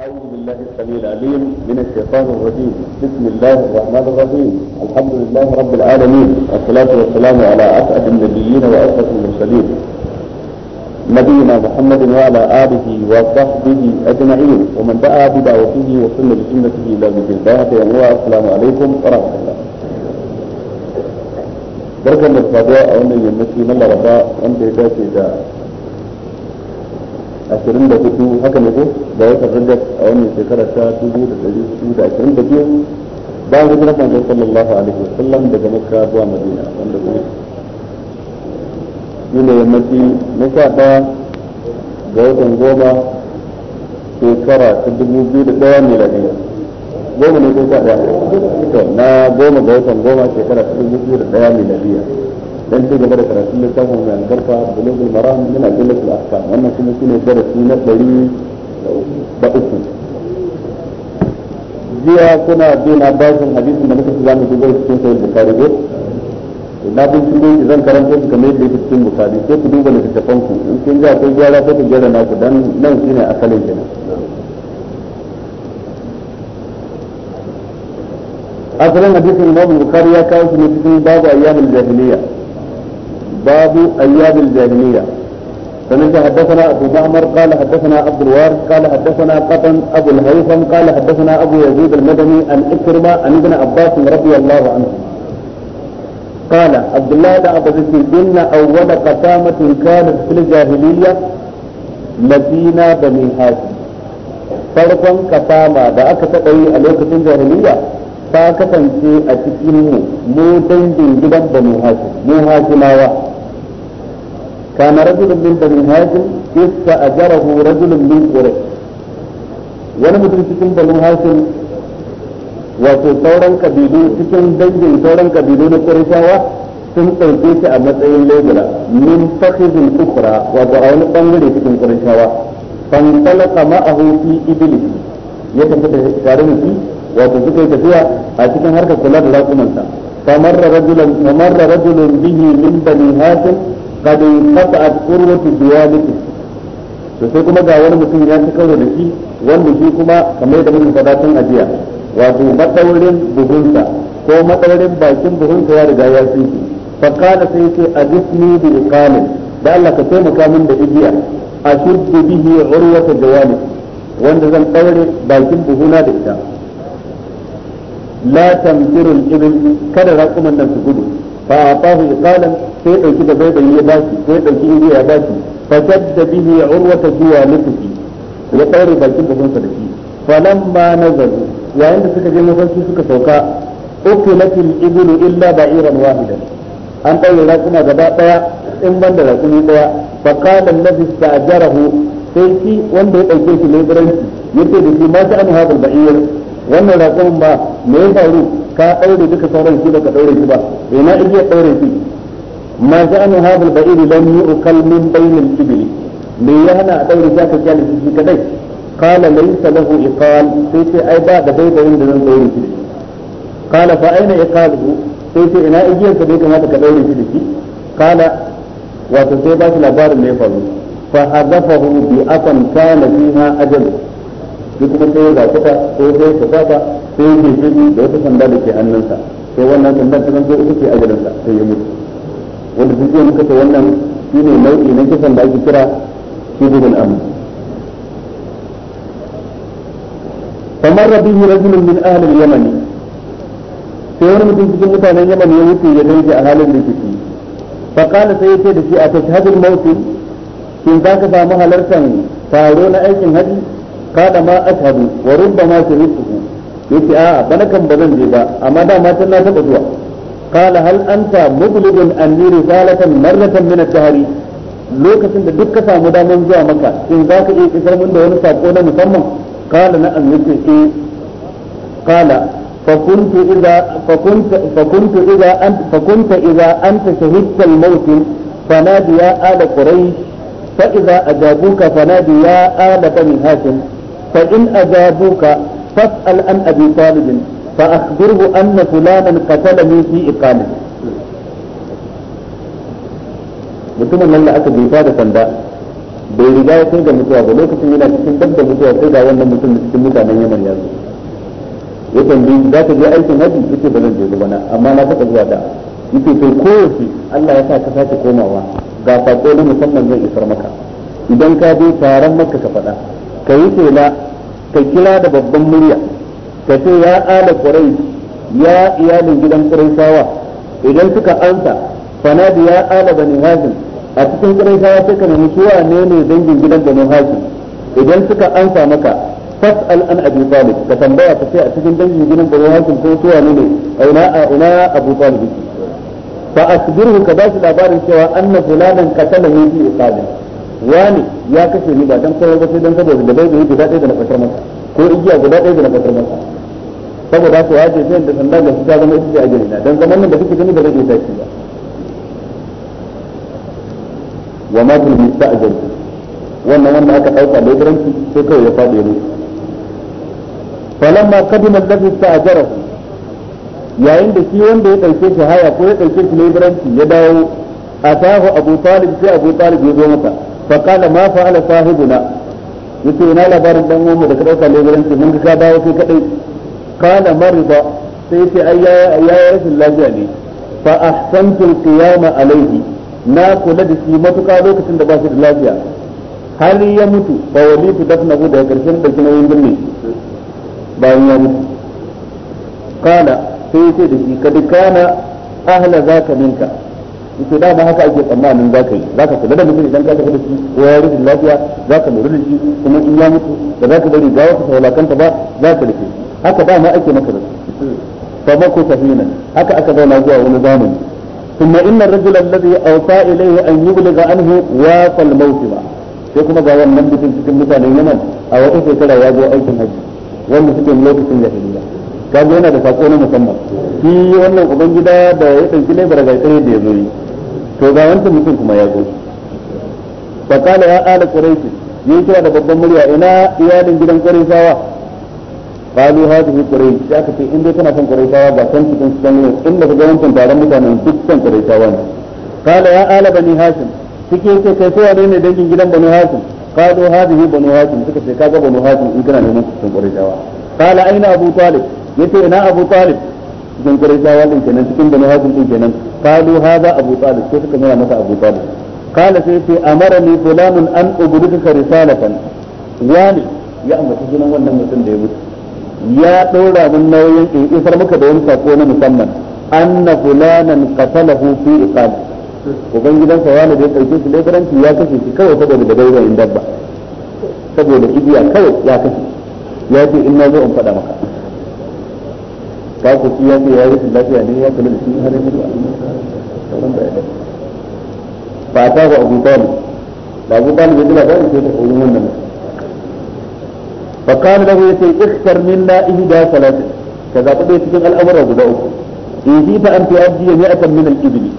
أعوذ بالله السميع العليم من الشيطان الرجيم بسم الله الرحمن الرحيم الحمد لله رب العالمين والصلاة والسلام على أسعد النبيين وأشرف المرسلين نبينا محمد وعلى آله وصحبه أجمعين ومن دعا بدعوته وسن بسنته إلى بيت الله السلام عليكم ورحمة الله بركة الفضاء أو من يمشي من الله عند هداك ashirin da hudu haka ne ko da watan rajab a wannan shekara ta dubu da dari hudu da ashirin da biyu bayan hijirar manzon sallallahu alaihi wa sallam daga makka zuwa madina wanda kuma shi ne yammaci na sha ɗaya ga watan goma shekara ta dubu biyu da ɗaya miladiyya goma ne ko sha ɗaya na goma ga watan goma shekara ta dubu biyu da ɗaya lafiya. dan ci gaba da karatun littafin mai albarka bulugul maram min adillatul ahkam wannan kuma shine darasi na ɗari da uku jiya kuna bina bashin hadisin da muka ci zamu dubo cikin sahih bukhari ko na bin cikin shi zan karanta su kamar yadda yake cikin bukhari sai ku duba littattafan ku in kun ji akwai gyara ko ku gyara naku dan nan shine asalin kenan asalin hadisin Imam Bukhari ya kawo shi ne cikin babu ayyamul jahiliya باب ايام الجاهليه فمن حدثنا ابو معمر قال حدثنا عبد الوارث قال حدثنا قطن ابو الهيثم قال حدثنا ابو يزيد المدني عن اكرمه عن ابن عباس رضي الله عنه قال عبد الله بن عباس ان اول قسامه كانت في الجاهليه مدينه بني هاشم farkon kasama da aka taɓa yi a lokacin jahiliya ta kasance a cikin mu mu dangin gidan banu mu كان رجل من بني هاشم استأجره رجل من قريش wani mutum cikin banu hashim wato sauran kabilu cikin dangin sauran kabilu na ƙurashawa sun ɗauke shi a matsayin lebula min fakhizin ukra wato a wani bangare cikin ƙurashawa fantalaka ma'ahu fi iblis ya tafi da tare da shi wato suka yi tafiya a cikin harkar kula da raƙumansa famarra rajulan famarra rajulan bihi min bani hashim قد انقطعت قروة ديانته to sai kuma ga wani mutum ya ci karo da shi wanda shi kuma kamar da mun faɗa tun ajiya wato madaurin buhunsa ko madaurin bakin buhunsa ya riga ya ci shi fa kana sai ce ajisni bi iqamin da Allah ka taimaka min da igiya ashuddu bihi urwata jawani wanda zan daure bakin buhuna da ita latan tamtiru al-ibil kada raquman nan su gudu fa atahu iqalan sai dauki da baibayi ya bashi sai dauki inda ya bashi fa shadda bihi urwata zuwa nufi ya tsare bakin da sunsa da shi falamma nazalu yayin da suka je mafarki suka sauka ukilat al-ibl illa ba'iran wahidan an daure raƙuma gaba daya in banda raƙumi daya fa qala allazi sta'jarahu sai shi wanda ya dauke shi leburanci yace da shi ma ta an hadal ba'ir wannan raƙumin ba me ya faru ka daure duka sauran shi baka daure shi ba ina iya daure shi ما شأن هذا iri لم يؤكل من بين الإبل me ya hana a ɗaure zaka kyale shi kadai qala laysa lahu iqal sai ce ai ba da baibayin da zan ɗaure da shi qala fa aina iqaluhu sai ce ina igiyar ka dai kamata ka ɗaure shi da shi qala wato sai ba shi labarin da ya faru fa hadafahu bi aqan kana fiha ajal duk kuma sai ya zakuta ko sai ya tafafa sai ya ce da wata sanda da ke hannunsa sai wannan sandar ta zanto ita ce ajalinsa sai ya mutu wanda duk muka ce wannan shi ne nau'i na kisan da ake kira shibul kamar famar rabihi rajulun min ahalin yamani sai wani mutum cikin mutanen yamani ya wuce ya danji a halin da kike fa sai sai yace da shi a tashhadul maut za ka samu halartar taro na aikin haji kada ma ashhadu wa rubbama ya ce a'a bana kan ba zan je ba amma da matan na taɓa zuwa قال هل أنت مبلغ أني رسالة مرة من الدهر lokacin da duk ka samu daman zuwa maka in za ka iya isar mun da wani sako na musamman kala na annabi ce kala فكنت إذا فكنت فكنت إذا أنت فكنت إذا أنت شهدت الموت فنادي يا آل قريش فإذا أجابوك فنادي يا آل بني هاشم فإن أجابوك فاسأل عن أبي طالب fa akhbirhu anna fulanan qatalani fi iqamin mutumin nan da aka jefa da sanda bai riga ya kai ga mutuwa ba lokacin yana cikin dabba mutuwa sai ga wannan mutum da cikin mutanen yaman ya zo ya tambayi za ka je aikin haji yace ba zan je gaba na amma na taɓa zuwa da yace to kowace Allah ya sa ka sake komawa ga sako na musamman zai isar maka idan ka je taron maka ka faɗa ka yi tela ka kira da babban murya ka ce ya ala quraish ya iyalin gidan sawa idan suka ansa fanadi ya ala bani hazim a cikin quraishawa sai ka nemi suwa ne ne dangin gidan bani hazim idan suka ansa maka fas'al an abi talib ka tambaya ka ce a cikin dangin gidan bani hazim ko suwa ne ne ina ina abu talib fa asbirhu ka bashi labarin cewa anna fulanan qatala ni fi iqabi wani ya kashe ni ba dan kowa ba sai dan saboda da bai da yake da na fasar masa ko igiya guda ɗaya da na fasar masa saboda haka ya jefe da sanda ga ta zama ita ce a na dan zaman nan da kike gani ba zai iya tashi ba wa ma bil musta'jil wannan wanda aka dauka garanti sai kawai ya fadi ne falamma kadima alladhi sta'jarahu yayin da shi wanda ya dauke shi haya ko ya dauke shi laifiranci ya dawo atahu abu talib sai abu talib ya zo masa fa kala ma fa'ala sahibuna yace ina labarin dan uwan mu da ka dauka laifiranci mun ga ka dawo kai kadai qala mariba sai ce ai ya ya rashin lafiya ne fa ahsantul ma alaihi na kula da shi matuƙa lokacin da ba shi da lafiya har ya mutu fa walitu dafnahu da karshen da kina yin binne bayan ya mutu kana sai sai da shi kad kana ahla zaka minka yace dama haka ake tsammanin za ka yi za ka kula da mutum idan ka tafi da shi ko ya rufe lafiya za ka da shi kuma in ya mutu da za ka bari ta ka saulakanta ba za ka rufe shi haka ba ma ake maka da su fa mako kahinan haka aka zauna zuwa wani zamani kuma inna إن الرجل awsa أوصى an أن anhu wa fal mawtiba sai kuma ga wannan bikin cikin mutanen Yaman a wata shekara ya zo aikin haji wanda suke lokacin da jahiliya kaga yana da sako na musamman shi wannan ubangida da ya dauki laibar ga kai da yazo yi to ga wancan mutum kuma ya zo fa qala ya ala quraish yayi kira da babban murya ina iyalin gidan quraishawa قالوا هذه قريش ذاك في ان كنا كان قريشاوا با كان cikin sanin inda kaga wancan taron mutanen dukkan quraishawa ne قال يا آل بني هاشم cikin yake kai kowa ne dangin gidan banu hashim qalu hadhihi banu hashim suka ce kaga banu hashim in kana neman cikin quraishawa qala aina abu yace ina abu talib cikin quraishawa din kenan cikin banu hashim din kenan qalu hadha abu talib sai suka nuna masa abu talib qala sai ce amarani fulamun an ubudika risalatan wani ya ambaci sunan wannan mutum da ya mutu ya ɗora min nauyin in isar maka da wani sako na musamman anna fulanan qatalahu fi iqab ubangidansa wani da ya ɗauke shi laifaranci ya kashe shi kawai saboda da gaurayin dabba saboda igiya kawai ya kashe ya ce in na zo in faɗa maka ka ku shi ya ce ya rashin lafiya ne ya kula da shi har yanzu ba ta ga abu talib ba abu talib ya ba labarin ce ta koyi wannan mutum fa kana lahu yace ikhtar minna ihda salatin ka zaɓi ɗaya cikin al'amura guda uku in ta an tu'addi mi'atan min al-ibli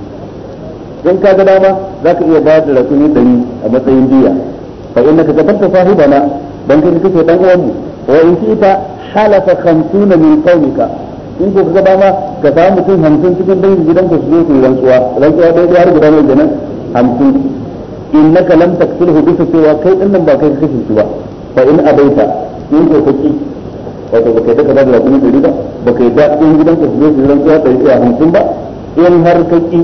in ka ga dama zaka iya bayar da rakumi ɗari a matsayin diya fa innaka gafarta sahibana dan kai kake dan uwan mu in shi'ta halafa 50 min in ko ka dama ka samu mutum hamsin cikin dangin gidan ku su zo su yi rantsuwa rantsuwa har guda mai kenan hamsin cewa kai din nan ba kai ka kashe ba fa in abaita ko ko kake wato baka yadda ka ba da raƙumi ba baka yadda in gidan ka zai zai rantsuwa ɗari ɗaya hamsin ba in har kaki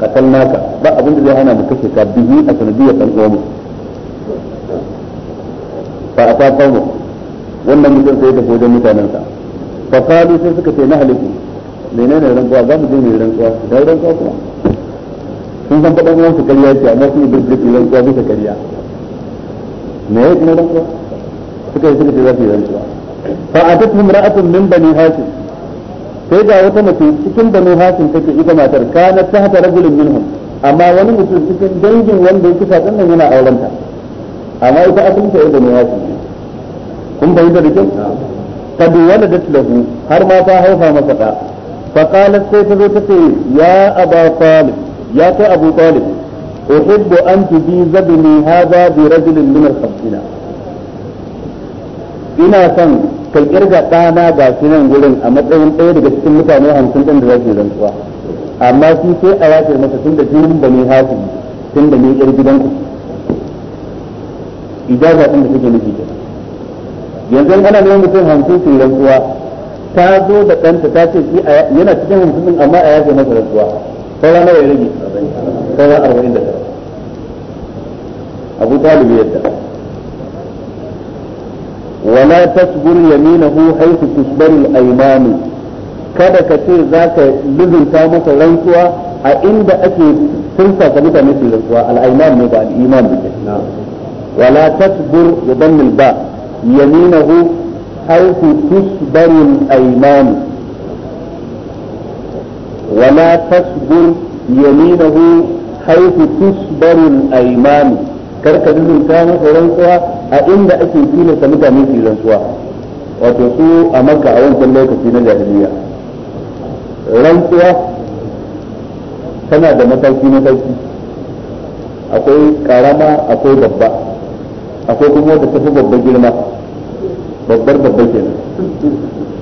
ka san naka ba abin da zai hana mu kashe ka bihi a sanadiyar ɗan uwanmu ba a ta kawo wannan mutum sai ko tafi wajen mutanensa fa kalu sai suka ce na halittu menene rantsuwa za mu je mu rantsuwa da rantsuwa kuma sun san faɗan uwansu karya ce amma sun yi birgit rantsuwa bisa karya me ya yi rantsuwa suka yi suka ce za su yi rantsuwa fa atat imra'atun min bani hashim sai ga wata mace cikin bani hashim take ita matar kana tahta rajulin minhum amma wani mutum cikin dangin wanda ya kisa din nan yana aurenta amma ita asalin ta bani hashim kun bayyana da bi wani waladat lahu har ma ta haifa masa da fa kala sai ta zo ta ce ya aba talib ya kai abu talib uhibbu an tujiza bini hadha bi rajulin min al-khamsina ina son ka kirga ɗana ga shi nan gurin a matsayin ɗaya daga cikin mutane hamsin ɗin da za su rantsuwa amma shi sai a yafe masa tun da jinin ne hafi tun da ni yar gidan ku ijaza ɗin da kuke nufi ke yanzu ana neman mutum hamsin su rantsuwa ta zo da ɗanta ta ce shi yana cikin hamsin ɗin amma a yafe masa rantsuwa sauran nawa ya rage sauran arba'in da tara abu talib yadda wala tasbur yaminahu haythu tusbaru al-aymanu kada ka ce za ka lubunta masa rantsuwa a inda ake tursa ka mutane su rantsuwa al ne ba al ne wala tasbur yadan al-ba yaminahu haythu tusbaru al-aymanu wala tasbur hu haythu tusbarin al-aymanu ka lubunta masa rantsuwa a inda ake sa mutane ke rantsuwa wato su a maka a wancan lokaci na jahiliya rantsuwa tana da mataki mataki akwai karama akwai babba akwai kuma wata tafi babbar girma babbar babbar kenan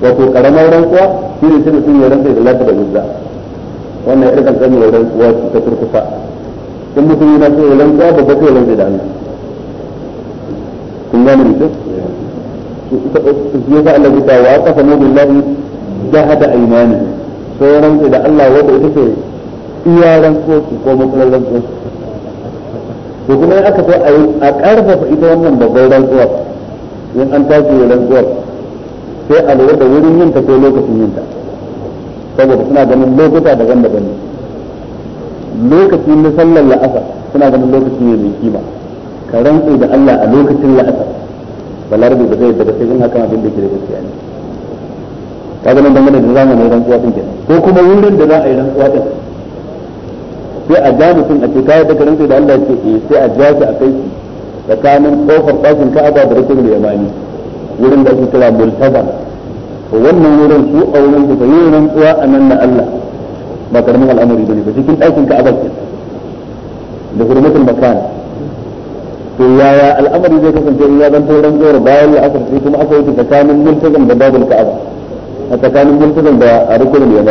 wato karamar rantsuwa shi ne sai sun yi rantsa da lafi da gudza wannan irin kan kan rantsuwa ta turkufa in mutum yana so ya rantsuwa babba sai ya rantsa da Allah kun gane mutum ya sa Allah wa billahi jahada aymani sauran da Allah wanda ita ce iyaran ko su ko to kuma aka a karfafa ita wannan babban rantsuwar in an tashi sai a lura da wurin yin ta ko lokacin yin ta saboda suna ganin lokuta daban-daban lokacin na sallar la'asa suna ganin lokacin ne mai kima ka rantsu da Allah a lokacin la'asar balarabe ba zai yadda sai in hakan abin da ke da gaskiya ne kaga nan dangane da zamanin rantsuwa din kenan ko kuma wurin da za a yi rantsuwa din sai a ja mutum a ce kayan da karanta da Allah ke eh sai a ja shi a kai shi tsakanin kofar ɗakin Ka'aba da rukun da yamani wurin da ake kira multaba wannan wurin su a wurin su yi rantsuwa a nan na Allah ba karamin al'amari bane ba cikin ɗakin Ka'aba ke da hurmatul makan to yaya al'amari zai kasance in ya zanto rantsuwar bayan aka sai kuma aka yi tsakanin multazam da babul ka'aba a tsakanin multazam da rukunin a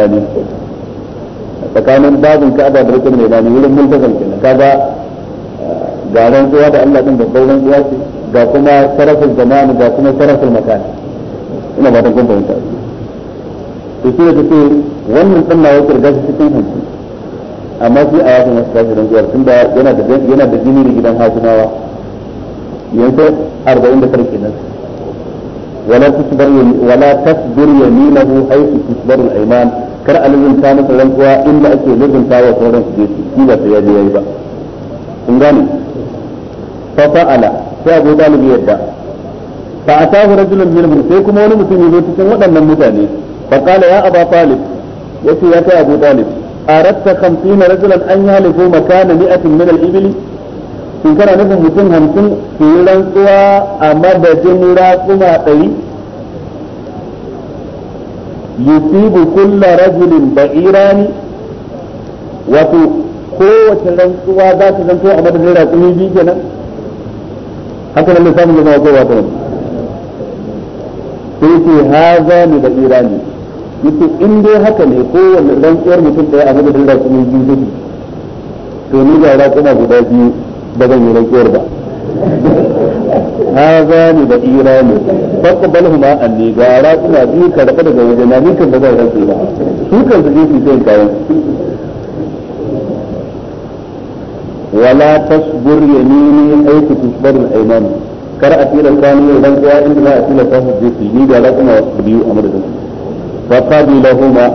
tsakanin babul ka'aba da rukunin yamani wurin multazam kenan kaga ga rantsuwa da Allah din babban rantsuwa ce ga kuma sarafin zamani ga kuma sarafin makani ina ba ta kun ta to shi da take wannan sunna na wakil gashi cikin hanci amma shi a yakin wasu gashi don tunda tun da yana da jini da gidan hakimawa yanzu arba'in da tara kenan wala tasbar wala tasbir yaminahu haythu tasbaru al-ayman kar a lizinta masa rantsuwa inda ake lizinta wa sauran su jesu shi ba sai ya je yayi ba kun gane fa fa'ala sai Abu Talib yadda fa atahu rajulun minhum sai kuma wani mutum ya zo cikin waɗannan mutane fa qala ya Abu Talib yace ya kai Abu Talib أردت خمسين رجلا أن يهلكوا مكان مئة من الإبل shin kana nufin mutum hamsin su yi rantsuwa a madadin raƙuma ɗari yusibu kulla rajulin ba'irani wato kowace rantsuwa za ta zanto a madadin raƙumi biyu kenan haka nan da lissafin zama ko wata wani sai ce haza ne da irani yake in dai haka ne kowane rantsuwar mutum ɗaya a madadin raƙumi biyu take to ni ga raƙuma guda biyu ba zan yi rantsuwar ba haza ne da irani faqbalahu ma anni gara kuna biyu ka da daga waje na nikan da zan rantsu ba su kan su je su sai kayan wala tasbur yamini ay tusbar al-ayman kar a tilan kwani idan kowa inda na a tilan ta su je su yi gara kuna biyu a madadin fa qabilahuma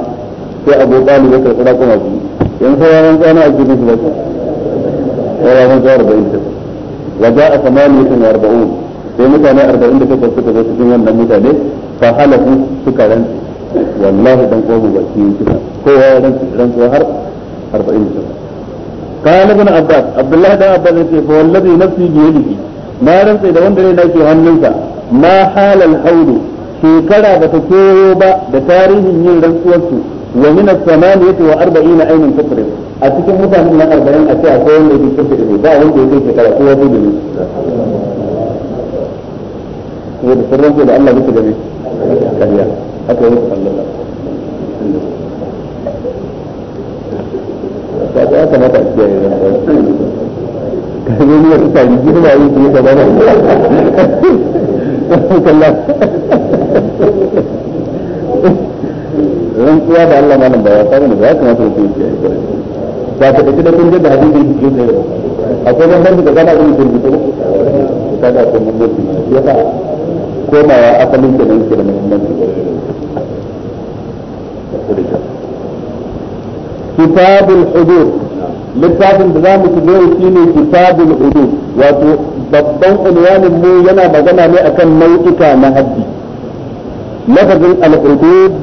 sai abu talib ya karɓi kuma biyu yan sauran kwani a cikin su ba ya zan zuwa arba'in da wa za a samaniyatun arba'un sai mutane arba'in da ta suka zo cikin wannan mutane fa halafu suka rantsu wallahi dan kowa ba shi yake kowa ya rantsu har arba'in da takwas قال ابن عباس عبد الله بن عباس يقول فوالذي نفسي بيده ما رنسي ده وندري ناكي هننسا ما حال الحول shekara ba ta kewo ba da tarihin yin rantsuwarsu ومن الثمانية وأربعين عين تقرب أتكي مثلا من أربعين أتي أقول الذي كفر إليه باع وانت يتيك كلا هو دي وده سرهم إلى الله بك جميع كبيرا حتى يوسف الله فأتي أتى ما تأتي كان يقول لك يجيب عليك يتبنى كلا rantsuwa da Allah malam ba ya samu ba ya kamata mutum yi ba ta tafi da kun da hadisi ke da akwai ban da kana abin da ke ka da ko mun ya ta komawa asalin da nan da muhimmanci كتاب الحدود littafin da za mu ci zai shi ne kitabul hudud wato babban unwanin mu yana magana ne akan nau'ika na haddi lafazin al-hudud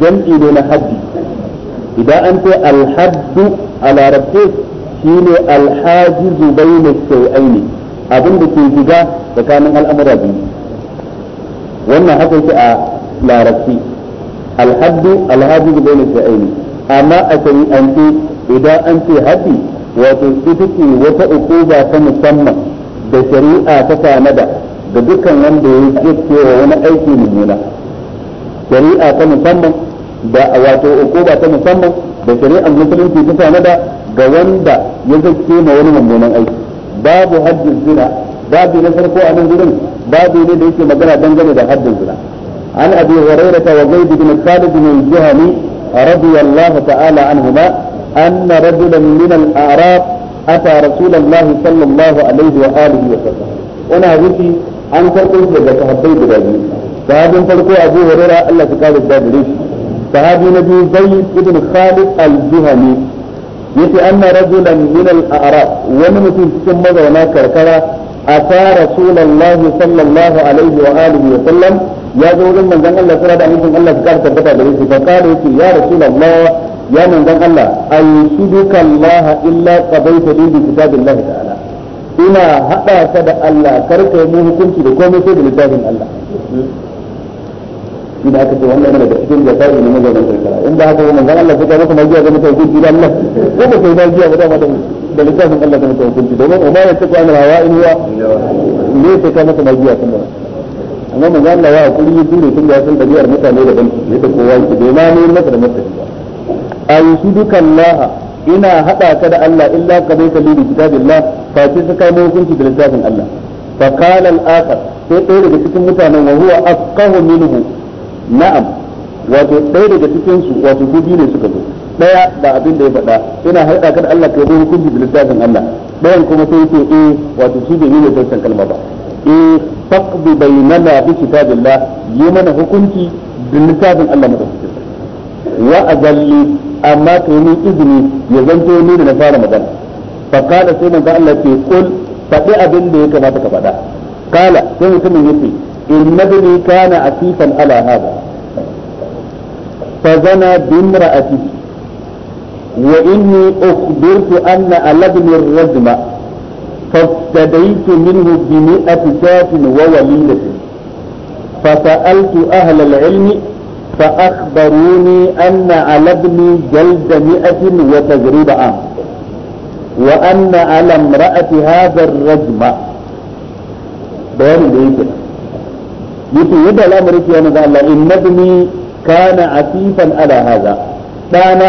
jam'i ne na haddi idan an ce alhaddu a larabce shine alhajizu bayna shay'aini abin da ke shiga tsakanin al'amura biyu wannan haka yake a larabci alhaddu alhajizu bayna shay'aini amma a shari'ance idan an ce haddi wato ita wata ukuba ta musamman da shari'a ta tanada ga dukkan wanda ya ke wa wani aiki mummuna shari'a ta musamman da wato ukuba ta musamman da shari'ar musulunci ta da ga wanda ya zace ma wani mummunan aiki babu haddin zina babu na farko a nan gurin babu ne da yake magana dangane da haddin zina an abi hurairata wa zaid bin khalid bin juhani radiyallahu ta'ala anhuma أن رجلا من الأعراب أتى رسول الله صلى الله عليه وآله وسلم أنا هذه أن تقول لك تهبي بلادي sahabin farko abu hurairah Allah ya kare da gare shi sahabi na biyu zayd ibn khalid al-juhani yace anna rajulan min al-a'rab wani mutum cikin mazauna karkara ata rasulullahi sallallahu alaihi wa alihi wa sallam ya zo wurin manzon Allah sallallahu alaihi wa sallam Allah ya kare tabbata da shi fa kare yace ya rasulullah ya manzon Allah ayyuduka Allah illa qadaita li kitabillah ta'ala ina hada ka da Allah karka mu hukunci da komai sai da littafin Allah shi da aka ce wannan yana da cikin jaza'i ne mazaunin karkara in da haka manzon Allah sai ka masa magiya ga mutum gudu da Allah ko ba sai magiya ba da mata da littafin Allah da mutum gudu domin umma ya ce kana hawa in huwa ne sai ka masa magiya kuma amma manzon Allah ya hakuri ya dure tun da san tabiyar mutane da banki yadda kowa yake bai ma ne masa da mutane ba ayyudukallah ina hada ka da Allah illa kabaita li kitabillah fa sai ka kai hukunci da littafin Allah fa qala al-akhar sai ɗaya daga cikin mutanen wa huwa afqahu minhu na'am wato ɗaya daga cikin su wato su biyu ne suka zo ɗaya ba abin da ya faɗa yana haɗa kan Allah kai bai hukunci da littafin Allah ɗayan kuma sai yake eh wato shi bai yi da kalma ba eh faqdi bainana bi kitabillah yi mana hukunci da littafin Allah madaukakin wa azalli amma kai ni izini ya zanto ni da na fara magana fa kana sai manzo Allah ce kul faɗi abin da ya kamata ka faɗa kala sai mutumin yace إن المدني كان عفيفا على هذا فزنى بامرأتي وإني أخبرت أن على ابن الرجم فافتديت منه بمئة شاة ووليدة فسألت أهل العلم فأخبروني أن على ابني جلد مئة وتجربة عام وأن على امرأة هذا الرجم بيان yace yadda al'amari ke yana da in inna bini kana asifan ala haza dana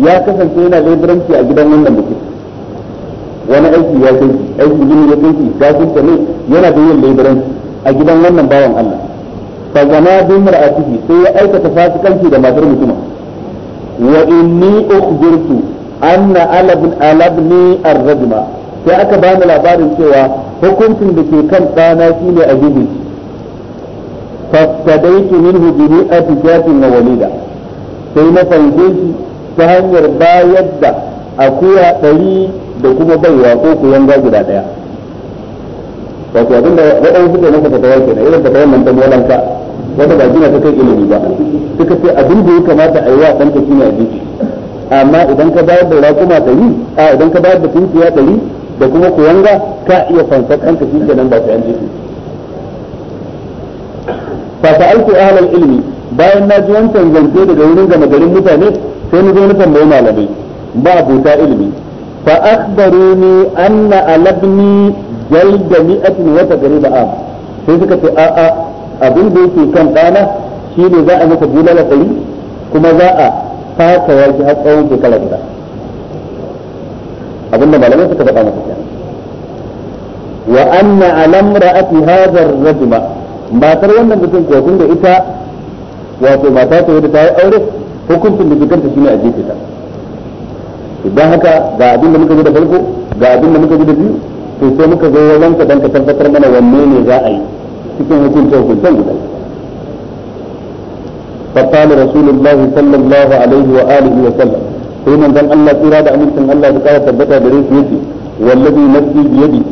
ya kasance yana leburanci a gidan wannan mutum wani aiki ya kai aiki gini ya kai kafin ne yana da yin leburanci a gidan wannan bawan Allah fa zama bi mar'atihi sai ya aikata fasikanci da matar mutuma wa inni ukhbirtu anna alabn alabni ar-rajma sai aka bani labarin cewa hukuncin da ke kan dana shine a gidi فاستديت منه بمئة جات وليدة سيما فانجيش تهنير با يدى أكوى تلي دكوما بيوا كوكو ينجا جدا ديا wato abin da waɗansu suke masa fatawa kenan irin fatawa wata ba gina ta kai ilimi ba suka ce abin da ya kamata a yi wa ɗanka a jiki amma idan ka bayar da raƙuma a idan ka bayar da tunkiya da kuma kuyanga ka iya fansar shi nan ba ta jiki. fa sa'altu ahlal ilmi bayan na ji wancan zance daga wurin gama garin mutane sai ni zo na tambayi malamai ba abota ilmi fa akhbaruni anna alabni jalda mi'atin wa taqriba am sai suka ce a a abin da yake kan dana shine za a maka bulala ɗari kuma za a fata yaki har tsawon kala guda abin da malamai suka faɗa masa kenan wa anna alamra'ati hadha ar-rajula matar wannan mutum ko kun da ita wato mata ta da ta yi aure hukuncin da ke kanta shine a jefe ta idan haka ga abin da muka ji da farko ga abin da muka ji da biyu to sai muka zo wajen ka dan ka tabbatar mana wanne ne za a yi cikin hukuncin hukuncin guda فقال رسول الله صلى الله عليه وآله وسلم فإن أن الله إرادة أمنتم الله بقاء ثبتها بريس يدي والذي نفسي بيدي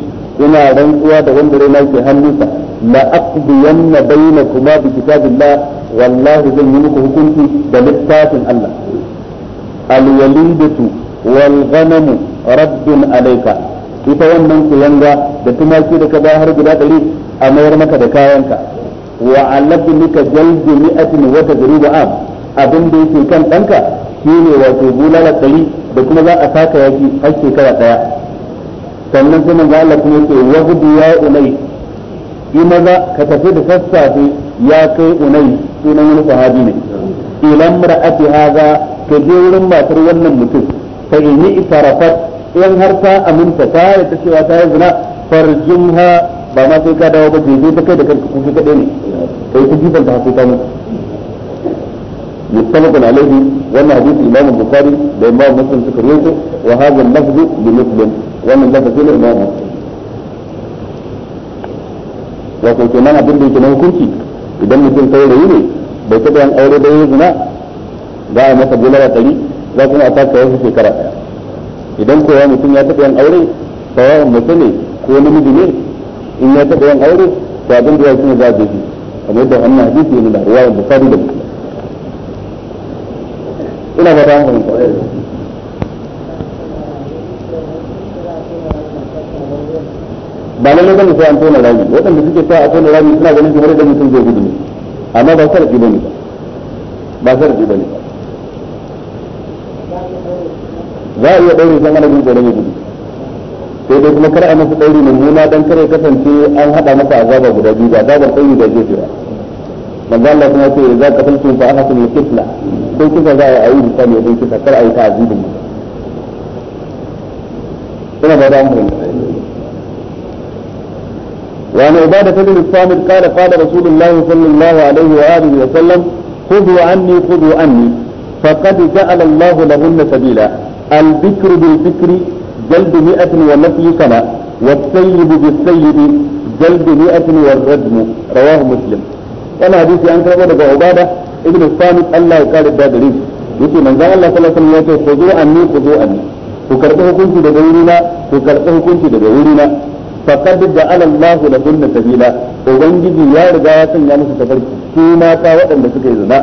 ina rantsuwa da wanda raina ke hannunsa la aqdiyanna bainakuma bi kitabillah wallahi zan yi muku hukunci da littafin Allah alwalidatu wal ghanamu rabbin alayka ita wannan kuyanga da tumaki da ka har guda ɗari a mayar maka da kayanka wa alabnika jalbi mi'atin wa tajribu am abin da yake kan danka shine wato bulala ɗari da kuma za a saka yaki har shekara ɗaya sannan sai ga Allah kuma yake wahdu ya unai yi maza ka tafi da sassafe ya kai unai sunan wani sahabi ne ilan ra'ati haza ka je wurin matar wannan mutum yi in yi itarafat in har ta aminta ta ta cewa ta yi zina farjumha ba ma sai ka dawo ba je ta kai da kanka kuke kaɗai ne kai ta jifan ta hafi ta mutu عليه وما حديث الامام البخاري الامام مسلم ذكر وهذا اللفظ لمسلم wannan lafazi ne imamu wato kenan abin da yake na hukunci idan mutum saurayi ne bai taɓa yin aure da yin zina za a masa bulala ɗari za kuma a taka wasu shekara idan kowa mutum ya taɓa yin aure sawa'un mace ne ko namiji ne in ya taɓa yin aure to abin da ya shi ne za a je kamar yadda wannan hadisi ne da ruwa da bukari da muslim ina fata an fahimta ba lalle bane sai an tona rami waɗanda suke sa a tona rami suna ganin kamar da mutum zai gudu ne amma ba sarki bane ba ba sarki bane za a iya ɗaure san ana jin tsoron ya gudu sai dai kuma kar a masa ɗauri mummuna dan kare kasance an haɗa masa azaba guda biyu ba azabar ɗauri da zai tsira manzo Allah kuma ce za ka tantance fa aka sun kifla ko kisa za a yi a wajen kisa kar a yi ta azibin ina ba da amfani وعن عبادة بن الصامت قال قال رسول الله صلى الله عليه وآله وسلم خذوا عني خذوا عني فقد جعل الله لهن سبيلا الذكر بالذكر جلد مئة ونفي سنة والسيد بالسيد جلد مئة والردم رواه مسلم وانا حديثي عن كلمة عبادة ابن الصامت الله يقال الدادرين yake manzo Allah sallallahu alaihi wasallam ya ce ku zo anni ku zo anni ku karbi hukunci daga wurina ku karbi hukunci daga wurina faqad ja'ala Allah lahunna sabila ubangiji ya riga ya sanya musu tafarki su mata waɗanda suka yi zina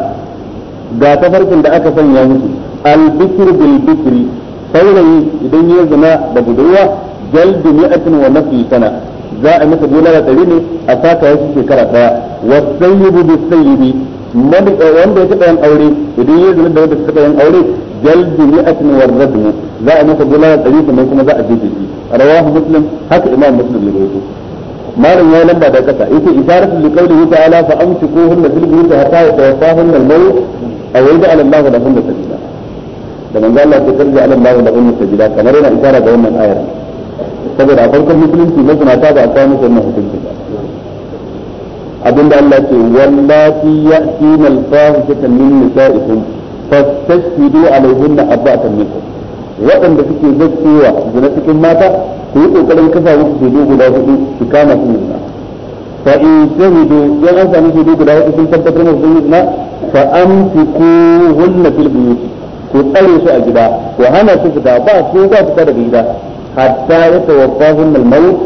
ga tafarkin da aka sanya musu al-bikr bil bikri saurayi idan ya zina da budurwa jaldu mi'atin wa nafi sana za a masa bulala ɗari ne a saka ya shekara ɗaya wa sayyibu bi sayyibi eh, wanda ya taɓa yin aure idan ya zina da wanda suka taɓa yin aure jaldu mi'atin wa radmu za a masa bulala ɗari sannan kuma za a jefe shi rawahu muslim haka imam muslim ya rawaito malam ya lamba da kasa yace isharatu li qawlihi ta'ala fa amsikuhunna fil buyuti hatta yatawaffahunna al-maut aw yaj'al Allahu lahunna sabila da manzo Allah ya tarji ala Allahu lahunna sabila kamar yana isharar da wannan ayar saboda a farkon musulunci masunata ba a kawo musu wannan hukunci ba abinda Allah ce wallati waɗanda suke zartewa zina cikin mata su yi kokarin kafa musu shaidu guda hudu su kama su zina fa in shahidu yan an sami shaidu guda hudu sun tabbatar musu sun yi zina fa amsiku hunna fil buyut ku tsare su a gida ku hana su fita ba su ba fita daga gida hatta ya tawaffahun al-maut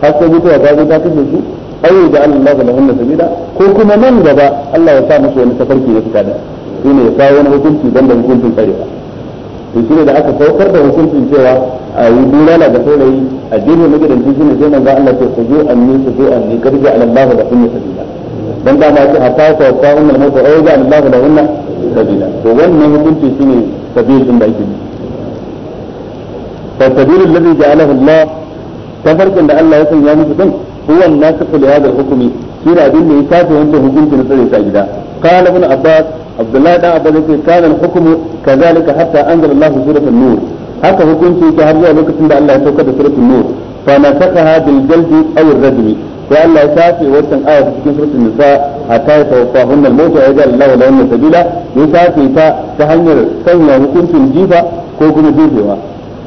har sai mutuwa ta zo ta kashe su ayu da Allah da lahunna sabila ko kuma nan gaba Allah ya sa musu wani tafarki ya fita da shine ya kawo wani hukunci dan da hukuncin tsarewa to ne da aka saukar da hukuncin cewa a yi bulala da saurayi addinin magidanci shine sai manzo Allah ce ku zo anni ku zo anni karja Allah da sunna sabila dan da ma ce hatta ta ta ummul mautu Allah da wannan sabila to wannan hukunci shine sabilin da yake fa sabilul ladhi ja'alahu Allah tafarkin da Allah ya sanya musu din huwa an-nasikh li hadha al-hukmi shi da abin da ya kafa wannan hukunci tsare ta gida abdullahi dan abbas yake kana hukumu kazalika hatta anzala allah suratul nur haka hukunci yake har zuwa lokacin da Allah ya saukar da suratul nur fa nasakaha bil jaldi aw ar-rajmi ko Allah ya tafi wannan aya ta cikin suratul nisa hatta ya tawaffa hunna al-maut wa yaj'al Allahu lahum sabila ya tafi ta ta hanyar sanya hukuncin jifa ko kuma jefewa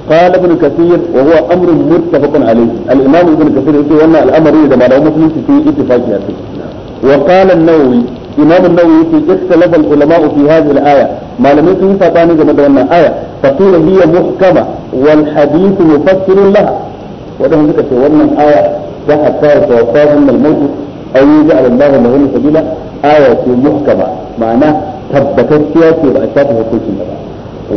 قال ابن كثير وهو امر متفق عليه الامام ابن كثير يقول ان الامر اذا ما مسلم في اتفاق وقال النووي إمام النووي في اختلف العلماء في هذه الآية ما لم يكن فاتاني جمد أن الآية فقيل هي محكمة والحديث مفسر لها وده هم ذكر سوى من آية جهد فارس وفاهم الموت أو يجعل الله مهم سبيلا آية محكمة معناه ثبتت الأشياء في كل شيء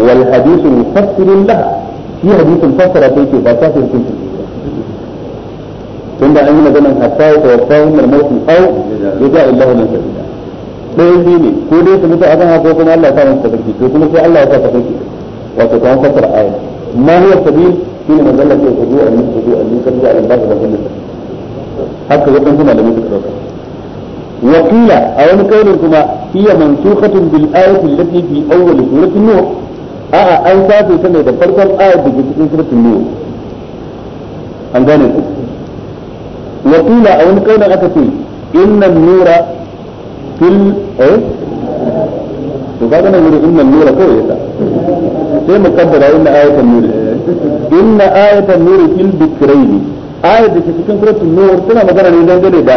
والحديث مفسر لها في حديث مفسر في بأشافه كل سنة ثم أن يجعل الله مهم سبيلا أو يجعل الله مهم سبيلا ɗaya biyu ne ko dai su mutu a kan ko kuma Allah ya sa musu tafarki to kuma sai Allah ya sa tafarki wato kuma fassara aya ma huwa sabil shine manzo Allah ya kudu an kudu an kan da Allah ba da kullu haka wannan kuma da mutu dauka wa qila a wani kaulin kuma hiya mansukhatun bil ayati allati fi awwal surati nur a'a an sace ta ne da farkon ayat da ke cikin suratul nur an gane ku wa qila a wani kaulin aka ce innan nura fil eh to kaga nan wurin inna nura ko yasa sai mu kaddara inna ayatan nuri inna ayatan nuri fil dhikrayn ayat da ke cikin suratul nur tana magana ne dangane da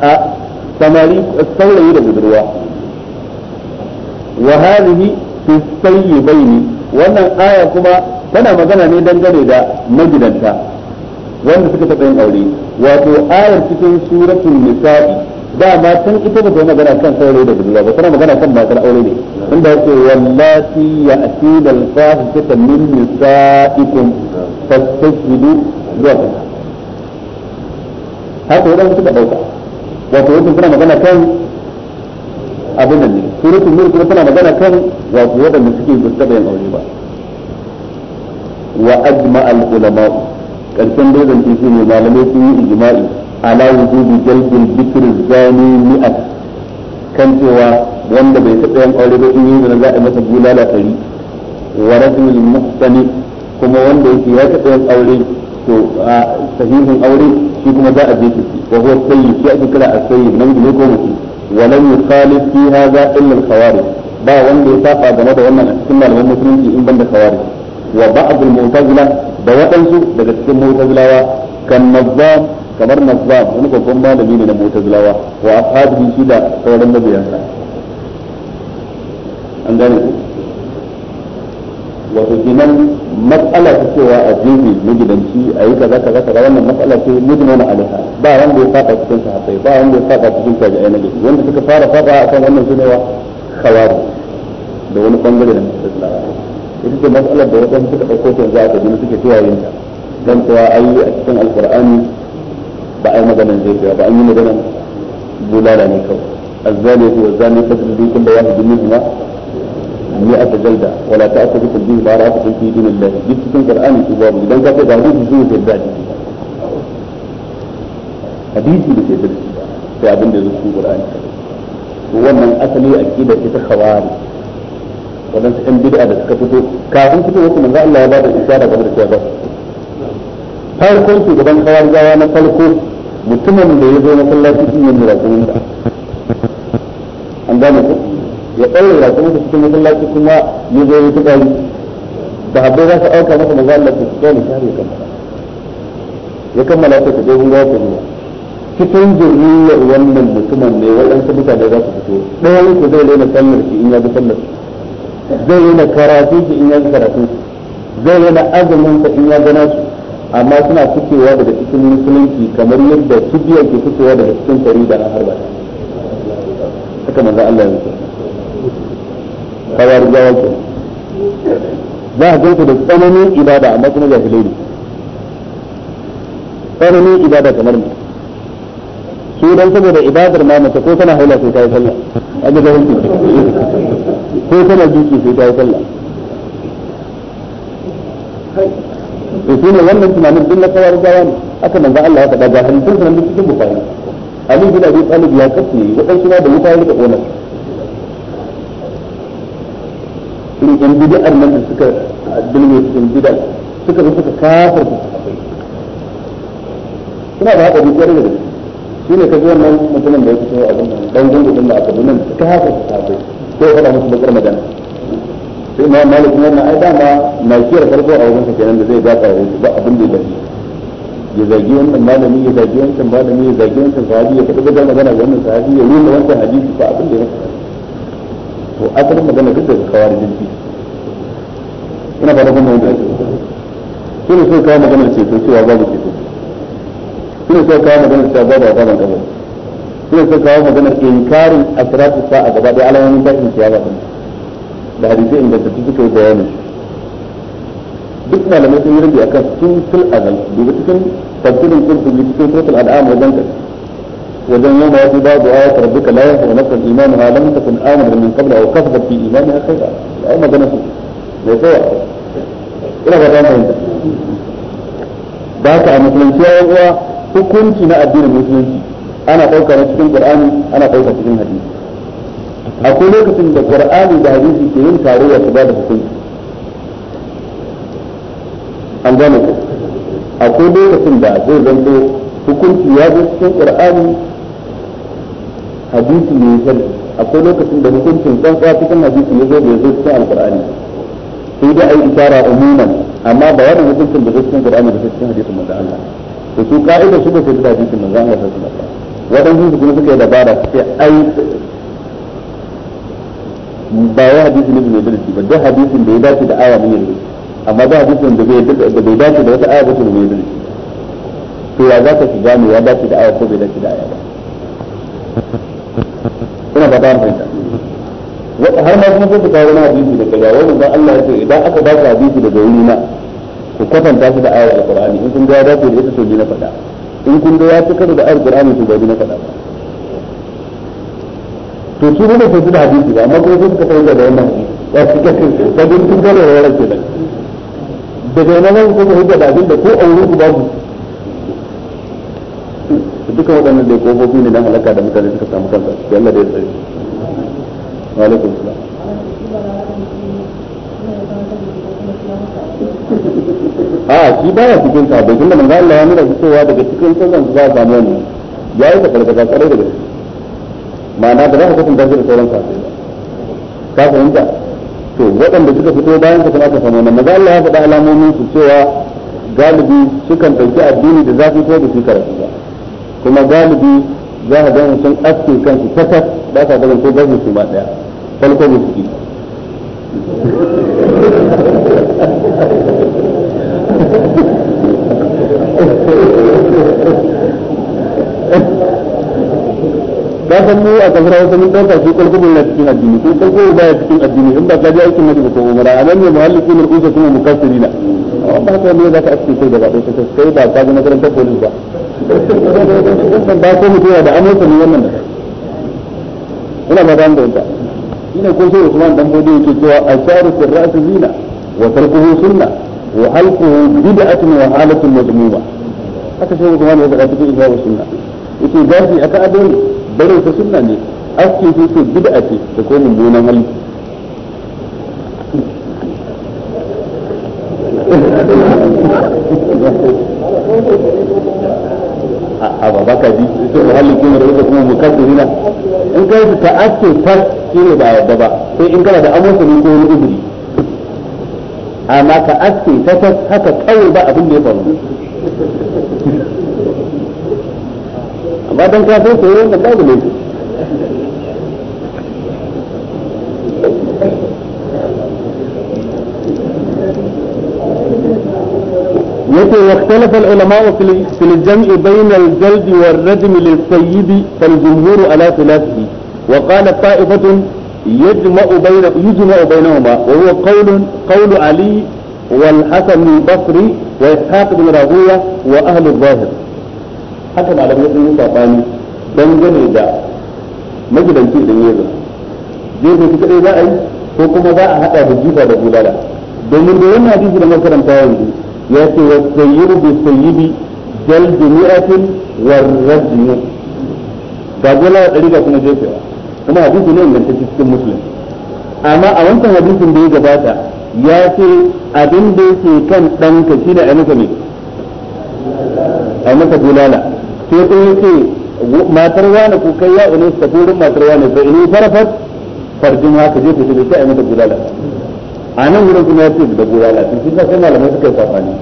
a samari saurayi da budurwa wa hadhihi fi sayyibaini wannan aya kuma tana magana ne dangane da magidanta wanda suka taɓa yin aure wato ayar cikin suratul nisa'i dama tun ita ba ta magana kan saurayi da budurwa ba tana magana kan matar aure ne inda yake wallati ya asida alfahishata min nisaikum fastashidu zuwa kan haka wadanda suka dauka wato wasu suna magana kan abin nan ne suratul mulk kuma tana magana kan wato wadanda suke gustaɓa yin aure ba wa ajma al ulama karshen dai zance ne malamai sun yi ijma'i ala wujubi jalbin bikr zani mi'at kan cewa wanda bai taɓa yin aure ba in yi zina za a masa bulala ɗari wa rajulul muhsani kuma wanda ya taɓa yin aure to a sahihin aure shi kuma za a je shi wa huwa sayyid shi ake kira as-sayyid nan ne ko mutum wa lam yukhalif fi hadha illa ba wanda ya saba game da wannan a cikin malaman musulunci in banda khawarij wa ba'd da waɗansu daga cikin mu'tazilawa kan nazzam kamar nazzab wani babban malami ne na mota zulawa wa ashabihi shi da sauran mabiyansa an gane ku wato kenan matsala ta cewa a jefe magidanci a yi kaza kaza kaza wannan matsala ce na alaiha ba wanda ya saba cikin sahabbai ba wanda ya saba cikin tabi'ai na gari wanda suka fara a kan wannan shine wa khawari da wani bangare da zulawa ita ce matsalar da wadansu suka dauko ta yanzu a kaduna suke cewa yin ta dan cewa ai a cikin alqur'ani ba a yi maganan zai ba an yi maganan bulala ne kawai الزاني هو الزاني فاجلدوا كل واحد منهما مئة جلدة ولا تأخذكم بهما رأفة في دين الله دي تكون قرآن إبواب إذا كانت تعريف زوج الزاني حديثي بك يدرس في أبن يدرس القرآن هو من أصلي أكيد كتا خواري wannan su ɗan bid'a da suka fito kafin fito wasu manzo Allah ya ba da isara game da cewa farkon shugaban kawar gawa na mutumin da ya zo masallaci shi ne kuma da an gane ku ya ɗaure kuma su cikin masallaci kuma ya zo ya tuka yi da habbai za su auka masa maza Allah ta tuka ne shari'a ya kammala ya kammala ta ta dogon gawa ruwa cikin zuriyar wannan mutumin ne waɗansu mutane za su fito ɗayan ku zai daina sallar shi in ya bi sallar zai daina karatu shi in ya bi karatu zai daina azumin ka in ya gana su amma suna fitowa daga cikin musulunci kamar yadda kibiyar ke fitowa daga cikin kari da harba ba haka manzo Allah ya ce kawar gawa ke za a ganku da tsananin ibada amma kuma jahilai ne tsananin ibada kamar mu su dan saboda ibadar ma mace ko tana haila sai ta yi sallah a ga garin ko tana duki sai ta yi sallah to shi ne wannan tunanin din na kawar gawa ne aka manzo Allah ya faɗa ga hadisin sunan da cikin bukari Ali bin Abi Talib ya kace wadansu ma da wuta ya rika kona irin yan bid'ar nan da suka dulme cikin bid'a suka zo suka kafar da sahabbai suna da haɗari kwarai da shi ne kaji wannan mutumin da ya fito abin nan dan gungun da aka bi suka kafar da sahabbai ko ya faɗa musu bakar magana sai ma malik wannan ai na kira farko a wajen kenan da zai gata wa ba abin da yake ya zagi wannan malami ya zagi wancan malami ya zagi wancan sahabi ya faɗi gudanar magana ga wannan sahabi ya nuna wancan hadisi ba abin da yake to asalin magana duk daga kawar jinsi ina fara kuma wanda yake shi ne sai kawai magana ceto cewa babu ceto shi sai kawai magana cewa babu a kaban kaban shi sai kawo magana inkarin asiratu sa'a gaba ɗaya alamomin tashin ciyawa ɗin da hadisi inda ta fi suka yi bayanin duk malamai sun yi rabi akan sun fil azal duba cikin tafsirin kurtubi cikin kurtul al'am wajen ka wajen yau ma ba da ayat rabbika la yanfa'u imanu imanuha lam takun amanat min qabla aw kasabat fi imani akhira ai magana su mai tsawa ina ga dan fahimta da haka musulunci yayin uwa hukunci na addinin musulunci ana ɗauka na cikin qur'ani ana ɗauka cikin hadisi akwai lokacin da qur'ani da hadisi ke yin tarayya su ba da hukunci an gane ku akwai lokacin da zai zanto hukunci ya zo cikin qur'ani hadisi ne ya akwai lokacin da hukuncin tsantsa cikin hadisi ne zai zo cikin alqur'ani sai dai ai isara umuman amma ba wani hukuncin da zai cikin qur'ani da cikin hadisin manzo Allah to su ka'ida su ba da hadisin manzo Allah sallallahu alaihi wasallam wadansu kuma suka yi dabara su ai ba wai hadisi ne bai da shi ba duk hadisin da ya dace da aya mun yarda amma da hadisin da bai da bai dace da wata aya ba to bai yarda to ya za ka ki gane ya dace da aya ko bai dace da aya ba ina ba ta fahimta har ma kuma sai ka kawo wani hadisi da kaza wani dan Allah ya ce idan aka ba ka hadisi daga wuri na ku kwatanta shi da ayar alqur'ani in kun ga ya dace da ita to ni na faɗa in kun ga ya fi karo da ayar alqur'ani to ba ni na faɗa ba to su ne bai su da hadisi ba amma ko su ka fahimta da wannan ba su ka ta bin tun gane da yaran kenan daga yana nan ko hujja da abin da ko a wurin ku babu duka wadannan da ko kofofi ne na halaka da mutane suka samu kansa ya Allah da ya tsare wa alaikum salam a ah, shi baya cikin sahabbai tunda manzo Allah ya nuna cewa daga cikin sallan su za a samu ne yayi da karkata kare daga cikin ma'ana da za ka kusanta shi da sauran kafin ka fahimta to waɗanda suka fito bayan ka kuma aka samu wannan maza Allah ya faɗa alamomin su cewa galibi sukan ɗauki addini da zafi ko da su karatu ba kuma galibi za ka gani sun aske kansu takas ba ka ganin ko gaji su ma ɗaya farko da suke Thank ka san mu a kasar Hausa mun dauka shi kulkubu na cikin addini ko kulkubu baya cikin addini in ba ka ji aikin nabi ko umara anan ne muhallisu mun kusa kuma mukassirina amma haka ne za ka aske kai gaba ɗaya sai kai ba ka ga makarantar polis ba wannan ba ko mutum da amurka ne wannan ina ba dan da ita ina ko sai Usman dan bodi yake cewa asharu firras zina wa tarkuhu sunna wa halquhu bid'atun wa halatun mazmuma haka sai Usman ya faɗa cikin ihya wa sunna yake gashi aka adoni barin su sunna ne aski su su bid'a ce da ko mummunan hali a ba ka ji sai da halin kuma da kuma mukaddimina in kai su ta aske tas shine ba yadda ba sai in kana da amsa ne ko wani izini amma ka aske ta tas haka kawai ba abin da ya faru ba don ka so soyayya da babu يقول واختلف العلماء في الجمع بين الجلد والردم للسيد فالجمهور على ثلاثه وقال طائفة يجمع بين يجمع بينهما وهو قول قول علي والحسن البصري وإسحاق بن راهوية وأهل الظاهر haka malamai sun yi sabani dangane da magidanci idan ya zo zai zai fi za a yi ko kuma za a haɗa da jifa da bulala domin da wannan hadisi da makaranta yanzu ya ce wa sayyidu bi sayyidi jal dumi'atin war rajmu ga bulala ɗari ga kuma jefewa kuma hadisi ne ingantacce cikin musulun amma a wancan hadisin da ya gabata ya ce abin da yake kan ɗanka shi ne a maka ne a maka bulala sai ɗaya yake matar wani ko kai ya ulu ta burin matar wani sai ini farafat farjin ha ka je ku shiga sai a mata gudala a nan wurin kuma ya ce da gudala to shi sai malamai suka yi safani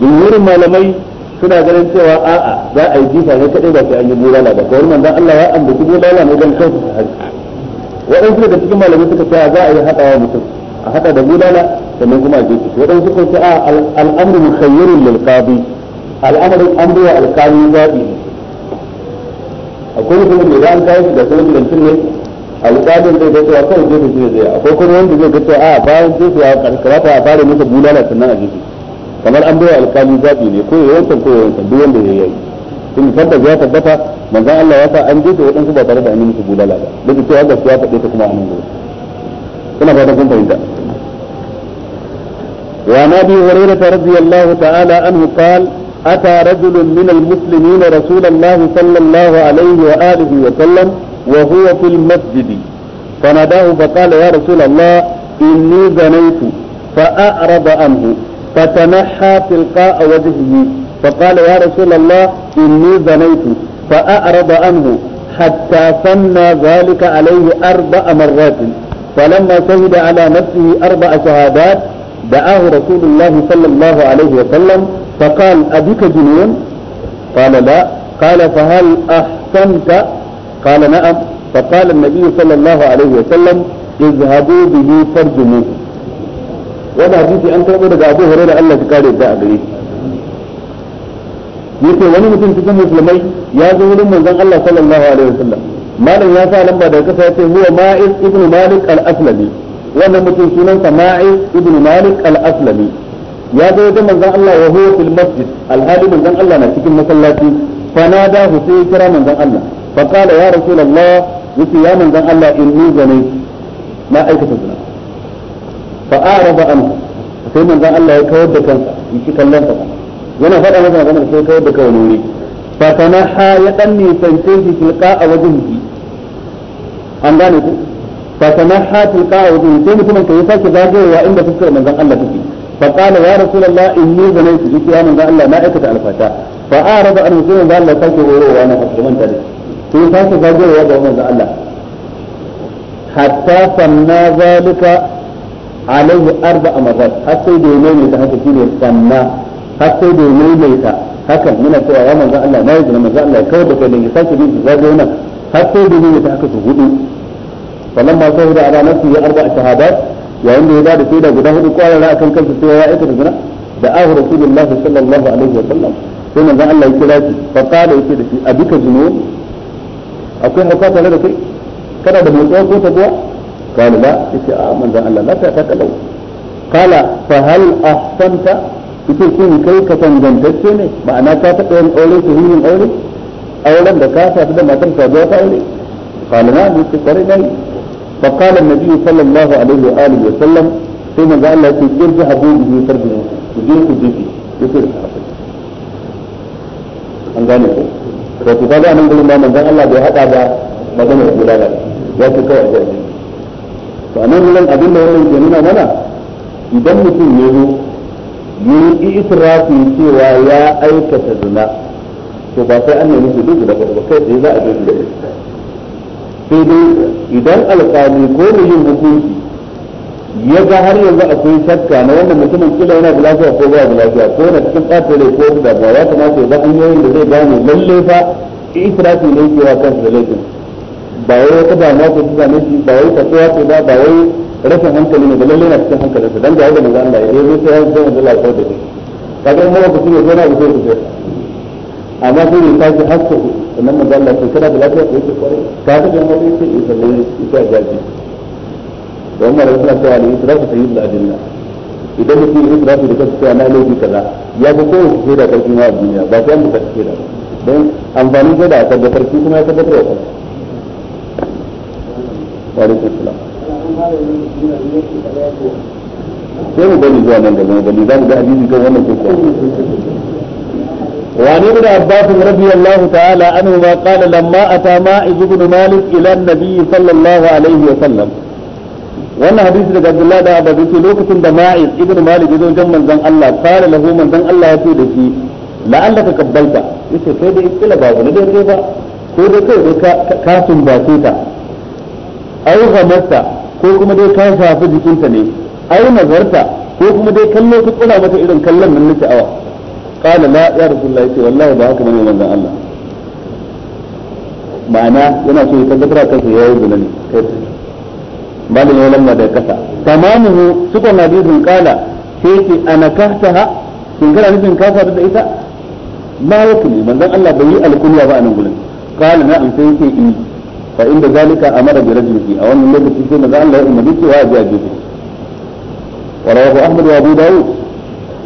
jumhurin malamai suna ganin cewa a'a za a yi jifa ne kaɗai ba sai an yi gudala ba kawai manzon Allah ya ambaci gudala ne dan kansu haji waɗansu da cikin malamai suka ce za a yi haɗawa mutum a haɗa da gudala sannan kuma a jefi waɗansu suka ce a al'amru mukhayyirun lil qadi al'amarin an bai alƙali zaɓi ne akwai mutumin da idan kayan shi da kuma jirantin ne alƙalin zai ga cewa kawai jefe shi zai akwai kuma wanda zai ga cewa a bayan jefe a karkara ta a fara masa bulala sannan a jefe kamar an bai alƙali zaɓi ne ko yawancin ko yawancin duk wanda ya yi in tabbas ya tabbata manzon Allah ya sa an jefe waɗansu ba tare da an yi musu bulala ba duk da cewa gaskiya faɗe ta kuma a nan gobe ina fatan kun fahimta وعن ابي هريره رضي الله تعالى عنه قال أتى رجل من المسلمين رسول الله صلى الله عليه وآله وسلم وهو في المسجد فناداه فقال يا رسول الله إني زنيت فأعرض عنه فتنحى تلقاء وجهه فقال يا رسول الله إني زنيت فأعرض عنه حتى سنى ذلك عليه أربع مرات فلما شهد على نفسه أربع شهادات دعاه رسول الله صلى الله عليه وسلم فقال أبيك جنون قال لا قال فهل أحسنت قال نعم فقال النبي صلى الله عليه وسلم اذهبوا به فارجموه wani hadisi an karɓo daga abu hore da Allah ta kare da a gare shi wani mutum cikin musulmai ya zo wurin manzon Allah sallallahu alaihi wasallam malam ya sa lamba daga kasa yace huwa ma'iz Ibn malik al-aslami wannan mutum sunan sa ma'iz ibnu malik al-aslami ya zo wajen manzon Allah wa huwa fil masjid alhali manzon Allah na cikin masallaci fanada hu sai kira manzon Allah fa qala ya rasulullah yace ya manzon Allah inni zanai na aikata zina fa araba an sai manzon Allah ya kawar da kansa yake kallon sa yana faɗa masa magana sai kawar da kawai wuri fa tanaha ya dan ne sanke shi tilqa a wajen shi an gane ku fa tanaha tilqa a wajen sai mutumin ka ya sake zagayowa inda fuskar manzon Allah take فقال يا رسول الله اني بنيت بك يا من الله ما اكت الفتاه فاعرض ان يكون قال لا فاتك غيره وانا اكرمت لك في فاتك فاجر وضع من الله حتى سمى ذلك عليه اربع مرات حتى يدوني ميتا حتى يدوني سمى حتى يدوني ميتا حتى من السوء يا من الله ما يدوني من الله كوبا كي ينفاتك بيت فاجر حتى يدوني ميتا حتى يدوني فلما صور على نفسه اربع شهادات yayin da ya bada shaida guda hudu kwarara kan kansa cewa ya aikata zina da ahu rasulullahi sallallahu alaihi wa sallam sai manzon Allah ya kira shi fa qala yake da shi abika zinu akwai hauka tare da kai kana da motsuwa ko tabuwa qala la yace a manzon Allah la ta ta lau qala fa hal ahsanta yace shin kai ka tangantacce ne ma'ana ka taɓa yin aure sahihin aure auren da ka sadu da matar zuwa ta aure qala na yace kwarai dai فقال النبي صلى الله عليه واله وسلم ثم قال الله في جرد ابو به فرد وجيه جيبي يصير an gane ko to ku kaga nan gurin ma manzon Allah bai hada da gudana ya ce kawai da shi to anan gurin abin da wannan ke nuna mana idan mutum ya zo yi itirafi cewa ya aikata zina to ba sai an nemi su duk da ba kai sai za a je da sai dai idan alƙali ko mai yin hukunci ya ga har yanzu akwai shakka na wannan mutumin kila yana da lafiya ko ba da lafiya ko yana cikin ɓata rai ko da ba ya kamata ya ga hanyoyin da zai gane lalle fa israfi ne yake wa kansa da laifin ba wai wata damuwa ko ta zane shi ba wai kasuwa ko ba ba wai rashin hankali ne da lalle na cikin hankalinsa dan da yadda manzo Allah ya yi sai ya zama da lafiya da shi kaga in ba ku ne ko na ku sai ku sai amma sai ya tashi haske sannan manzo Allah ce kana da lafiya ko yake kwarai ka ga jama'a da yake isa da isa jaji da wannan da suna cewa ne israfu sayyid al-adilla idan mutum ya israfu da kansa cewa na laifi kaza ya ga kowace shaida karfin wa duniya ba sai an buƙaci shaida don amfanin shaida a tabbatar shi kuma ya tabbatar wa kansa wa alaikum salam sai mu bari zuwa nan da mu bari za mu ga hadisi kan wannan ko kuwa وعن ابن عباس رضي الله تعالى عنهما قال لما أتى ماعز بن مالك إلى النبي صلى الله عليه وسلم wannan hadisi daga Abdullah da Abu Bakr lokacin da Ma'iz ibn Malik yazo jan manzon Allah fara lahu manzon Allah ce da shi la'allaka kabbalta yace sai da ikkila ba wani da kai ba ko da kai ka ka sumbace ta ai gamasta ko kuma dai ka shafi jikinta ne ai nazarta ko kuma dai kallo ka tsira mata irin kallon nan sha'awa qala la ya rasulullah yace wallahi ba haka bane manzon Allah ma'ana yana so ya tabbatar kansa yayi zina ne kai ba da lamma da kasa tamamuhu sukun hadithun qala sai ce ana kahtaha kin kana nufin ka faru da ita ma yakuni manzon Allah bai yi alkunya ba a nan gurin qala na an sai yake in fa inda zalika amara bi rajulki a wannan lokacin sai manzon Allah a wa ya ji wa rawahu ahmad wa abu dawud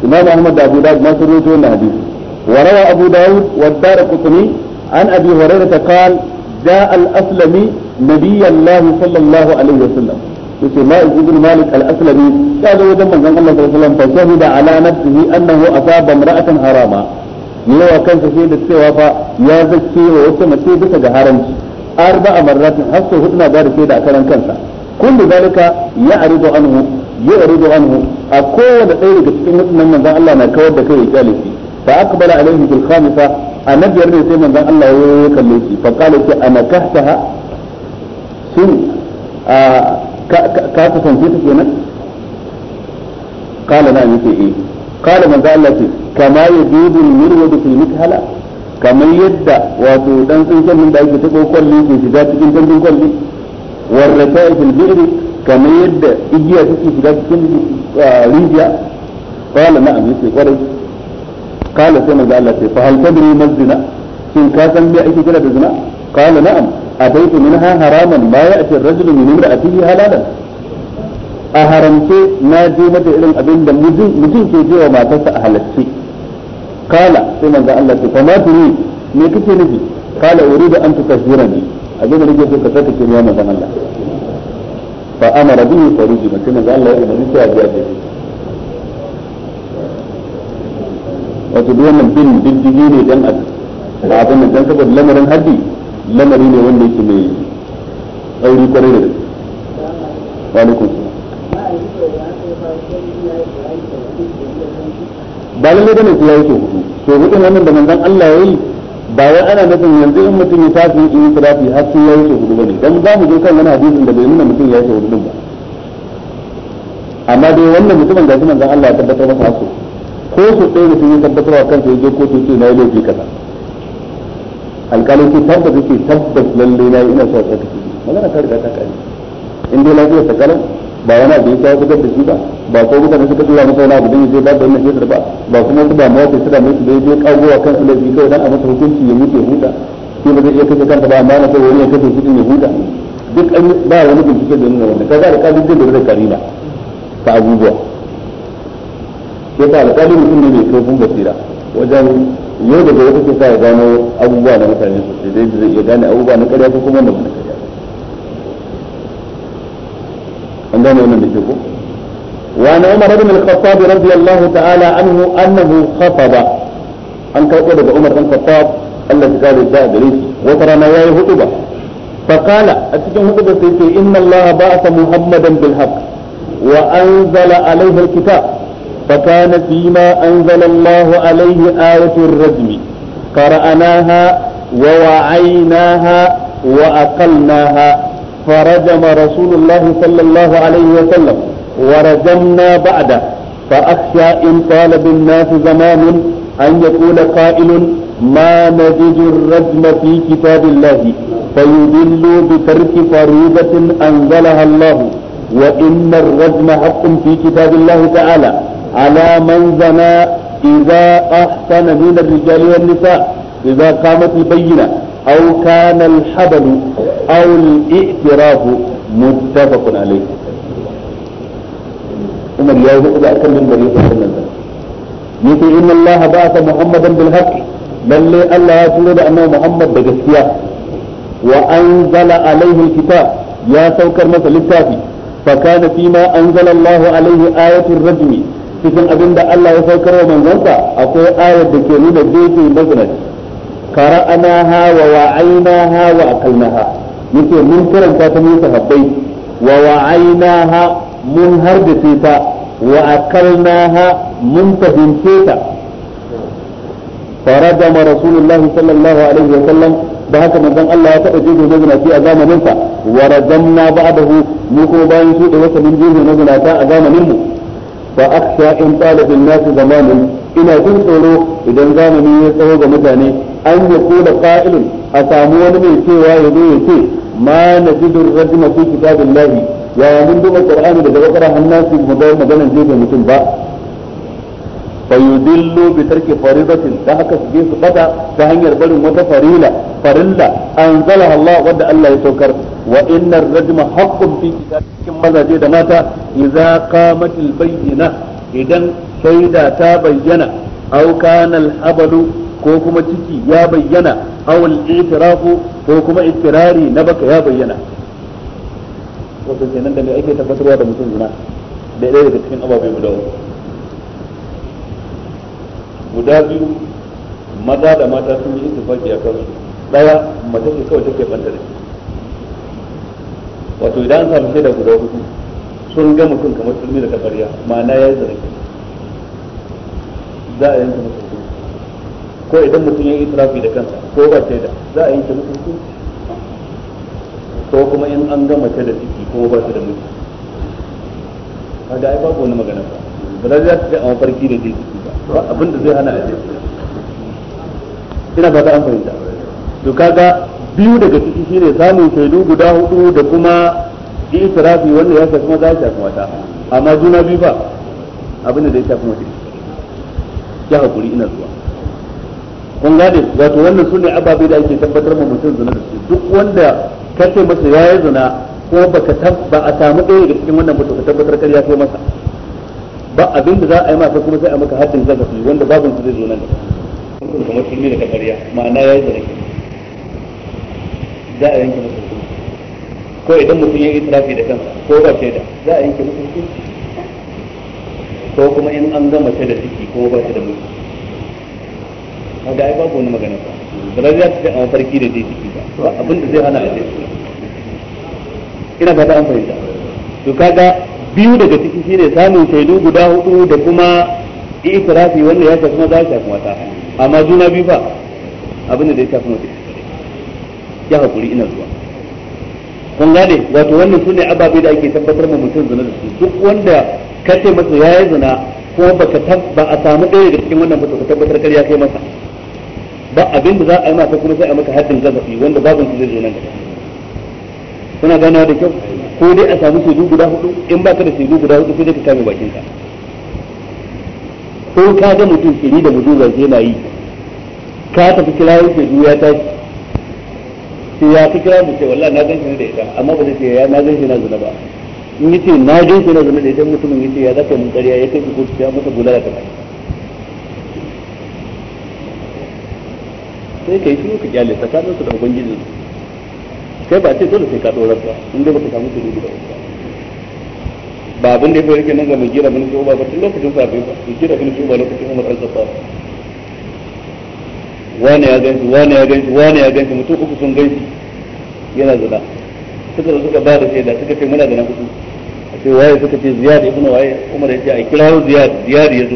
imam ahmad da abu dawud ma sun rawaito wannan hadisi wa rawa abu dawud wa darqutni an abi hurairah qala جاء الأسلمي نبي الله صلى الله عليه وسلم yace ma'in ibn malik al-aslami ya zo wajen manzon Allah sallallahu alaihi wasallam fa shahida ala nafsihi annahu asaba imra'atan harama ne wa kansa sai da cewa fa ya zakke wa wata mace bisa ga haramci arba'a a har sau hudu ba da shaida a karan kansa ya ari ya'ridu anhu يعرض عنه أكون ذلك cikin waɗannan manzon Allah na kawar da kai ya kyale shi fa akbala alaihi bil khamisa annabi yarne sai manzon Allah ya kalle shi fa qala ki ana kahtaha shin ka ka kasance ta kenan qala na yake eh qala manzon Allah ce kama yajibu al mirwad fi mikhala kamar yadda wato dan tsinken da yake ta kokon ne ke shiga cikin tantin kwalli warrata fil bi'ri kamar yadda igiya take shiga cikin rijiya qala na'am yace kwarai qala sai manzo Allah ce fa hal tadri mazina shin ka san me ake kira da zina qala na'am ataitu minha haraman ma ya'ti ar-rajulu min imra'atihi halalan a haramce na je mata irin abin da mutum ke je wa matarsa a halarci kala sai manzo Allah ce fa ma turi me kake nufi kala uridu an tukazira ni abin da nake so ka saka ke ya manzo Allah fa amara bihi faruji ba sai manzo Allah ya umarni sai a biya da wato duk wannan bin diddigi ne dan a abin nan dan saboda lamarin haddi lamari ne wanda yake mai tsauri kwarai da gaske ake alaikum ba hudu so hudun wannan da manzon Allah ba wai ana nufin yanzu in mutum ya tafi in yi tirafi har sai ya yi ba ne don za mu je kan wani hadisin da bai nuna mutum ya yi shahudu ba amma dai wannan mutumin gashi manzon Allah ya tabbatar masa hasu ko su ɗaya mutum ya tabbatar wa kansa ya je kotu ce na yi laifi kaza alƙalin ce tabbata ce tabbas lallai na yi ina so a tsaka magana ta riga ta kare in dai lafiya ta kalan ba wani abu ya kawo da shi ba ba ko mutane suka tura masa wani abu don ba da wannan ba ba kuma wata ke ta tura musu da ya je kagowa kan kawai dan a masa hukunci ya mutu ya huta shi ba zai iya kashe kanta ba amma na kai wani ya kashe shi ya huta duk an ba wani bincike da nuna alƙali zai da ta abubuwa sai ta alƙali mutum ne mai kaifin basira wajen yau da gobe take sa ya gano abubuwa na mutane sosai zai iya gane abubuwa na ƙarya ko kuma na ba بني من يشوفه وأن عمر بن الخطاب رضي الله تعالى عنه أنه خطب أن كان عمر بن الخطاب الذي قال جاء دريس وترى نواه خطبة فقال أتجم خطبة إن الله بعث محمدا بالحق وأنزل عليه الكتاب فكان فيما أنزل الله عليه آية الرجم قرأناها ووعيناها وأقلناها فرجم رسول الله صلى الله عليه وسلم ورجمنا بعده فأخشى إن طال بالناس زمان أن يقول قائل ما نجد الرجم في كتاب الله فيدل بترك فريضة أنزلها الله وإن الرجم حق في كتاب الله تعالى على من زنى إذا أحسن من الرجال والنساء إذا قامت البينة أو كان الحبل أو الإئتراف متفق عليه عمر يا ابو اكثر من بريء سنن يقول ان الله بعث محمدا بالحق بل الله يقول انه محمد بجسيا وانزل عليه الكتاب يا سوكر مثل الكافي فكان فيما انزل الله عليه آية الرجم cikin abin da Allah ya saukar wa manzansa akwai ayar da ke nuna jefe mazinaci qara'naha wa wa'aynaha wa aqalnaha yake mun karanta ta mun sahabbai wa wa'aynaha mun hardace ta wa mun fahimce ta رسول الله صلى الله عليه وسلم da haka manzon Allah ya taɓa jirgin mazinaci a zamaninsa wa rajamna ba'dahu mu kuma bayan shi da wata min jirgin mazinata a zamaninmu fa akhsha in tala bil nas ina jin tsoro idan zamani ya tsawo ga mutane an ya kula kailun a samu wani mai cewa ya zo ya ce ma najidu rajma fi lahi ya mun duba da daga bakara hannasi mu ga maganar jefe mutum ba fa yudillu bi tarki faridatin da haka su je su bada ta hanyar barin wata farila farilla zala Allah wadda Allah ya saukar wa innar rajma haqqun fi kitabillahi mazaje da mata idza qamatil bayyina idan shaida ta bayyana aw kana al-habalu ko kuma ciki ya bayyana aw al-itirafu ko kuma itirari na baka ya bayyana wato kenan da me ake tabbatarwa da mutum zina da ɗaya daga cikin ababai guda uku guda biyu maza da mata sun yi ittifaki a kansu daya mace ce kawai take banta da wato idan an samu shaida guda hudu sun ga mutum kamar turmi da kabariya ma'ana ya yi zargi za a yanke masa hukunci ko idan mutum ya yi itirafi da kansa ko ba shaida za a yanke masa hukunci ko kuma in an gama ta da ciki ko ba ta da miji kaga ai babu wani magana ba ba za ta ce a mafarki da jiki ba abin da zai hana a jiki ina fata an fahimta to kaga biyu daga ciki shine samun shaidu guda hudu da kuma itirafi wanda ya shafi maza ya shafi mata amma juna biyu ba abin da ya shafi mace ya hakuri ina zuwa kun gane wato wannan sune ababe da ake tabbatar ma mutum zina da su duk wanda ka ce masa ya yi zina ko baka ba a samu ɗaya daga cikin wannan mutum ka tabbatar kar ya kai masa ba abin da za a yi masa kuma sai a maka haddin zagafi wanda babin su zai zo nan da kamar shirme da kamariya ma'ana ya yi zina za a yanke masa ko idan mutum ya yi israfi da kansa ko ba shaida za a yanke masa hukunci ko kuma in an gama ta da ciki kuma ba ta da mutu kaga ai babu wani magana ba ba za ta ce a mafarki da ciki ba abin da zai hana a ciki ina ba ta an fahimta to kaga biyu daga ciki shine samun shaidu guda hudu da kuma ikirafi wanda ya shafi maza ya shafi mata amma juna biyu ba abin da ya shafi mace ya hakuri ina zuwa kun gane wato wannan sune ababe da ake tabbatar ma mutum zuna da su duk wanda ka ce masa ya yi zina kuma baka ba a samu ɗaya daga cikin wannan mutum ka tabbatar kar ya kai masa ba abin da za a yi masa kuma sai a maka haddin gazafi wanda babin su zai zo nan gaba kuna ganawa da kyau ko dai a samu shaidu guda hudu in ba ka da shaidu guda hudu sai dai ka kame bakin ka ko ka ga mutum shiri da mutum sai na yi ka tafi kirayen shaidu ya tashi sai ya fi kira mu ce wallahi na gan shi da ita amma ba zai ce ya na gan shi na zina ba in yace na jin suna zama da idan mutumin yace ya zaka mun ƙarya ya kai ku kotu ya masa bulala ta bai sai kai shi ka kyale tsakaninsu da ubangiji kai ba ce dole sai ka dorar ba in dai baka samu tuni da ba ba abin da ya fara kenan ga mugira bin shuba ba tun lokacin safe ba mugira bin shuba lokacin Umar al-Khattab wani ya ganshi wani ya ganshi wani ya ganshi mutum uku sun ganshi yana zina suka zo suka ba da shaida suka ce muna da na hudu a ce waye suka ce ziyad ibn waye umar ya ce a kirawo ziyad ziyad ya zo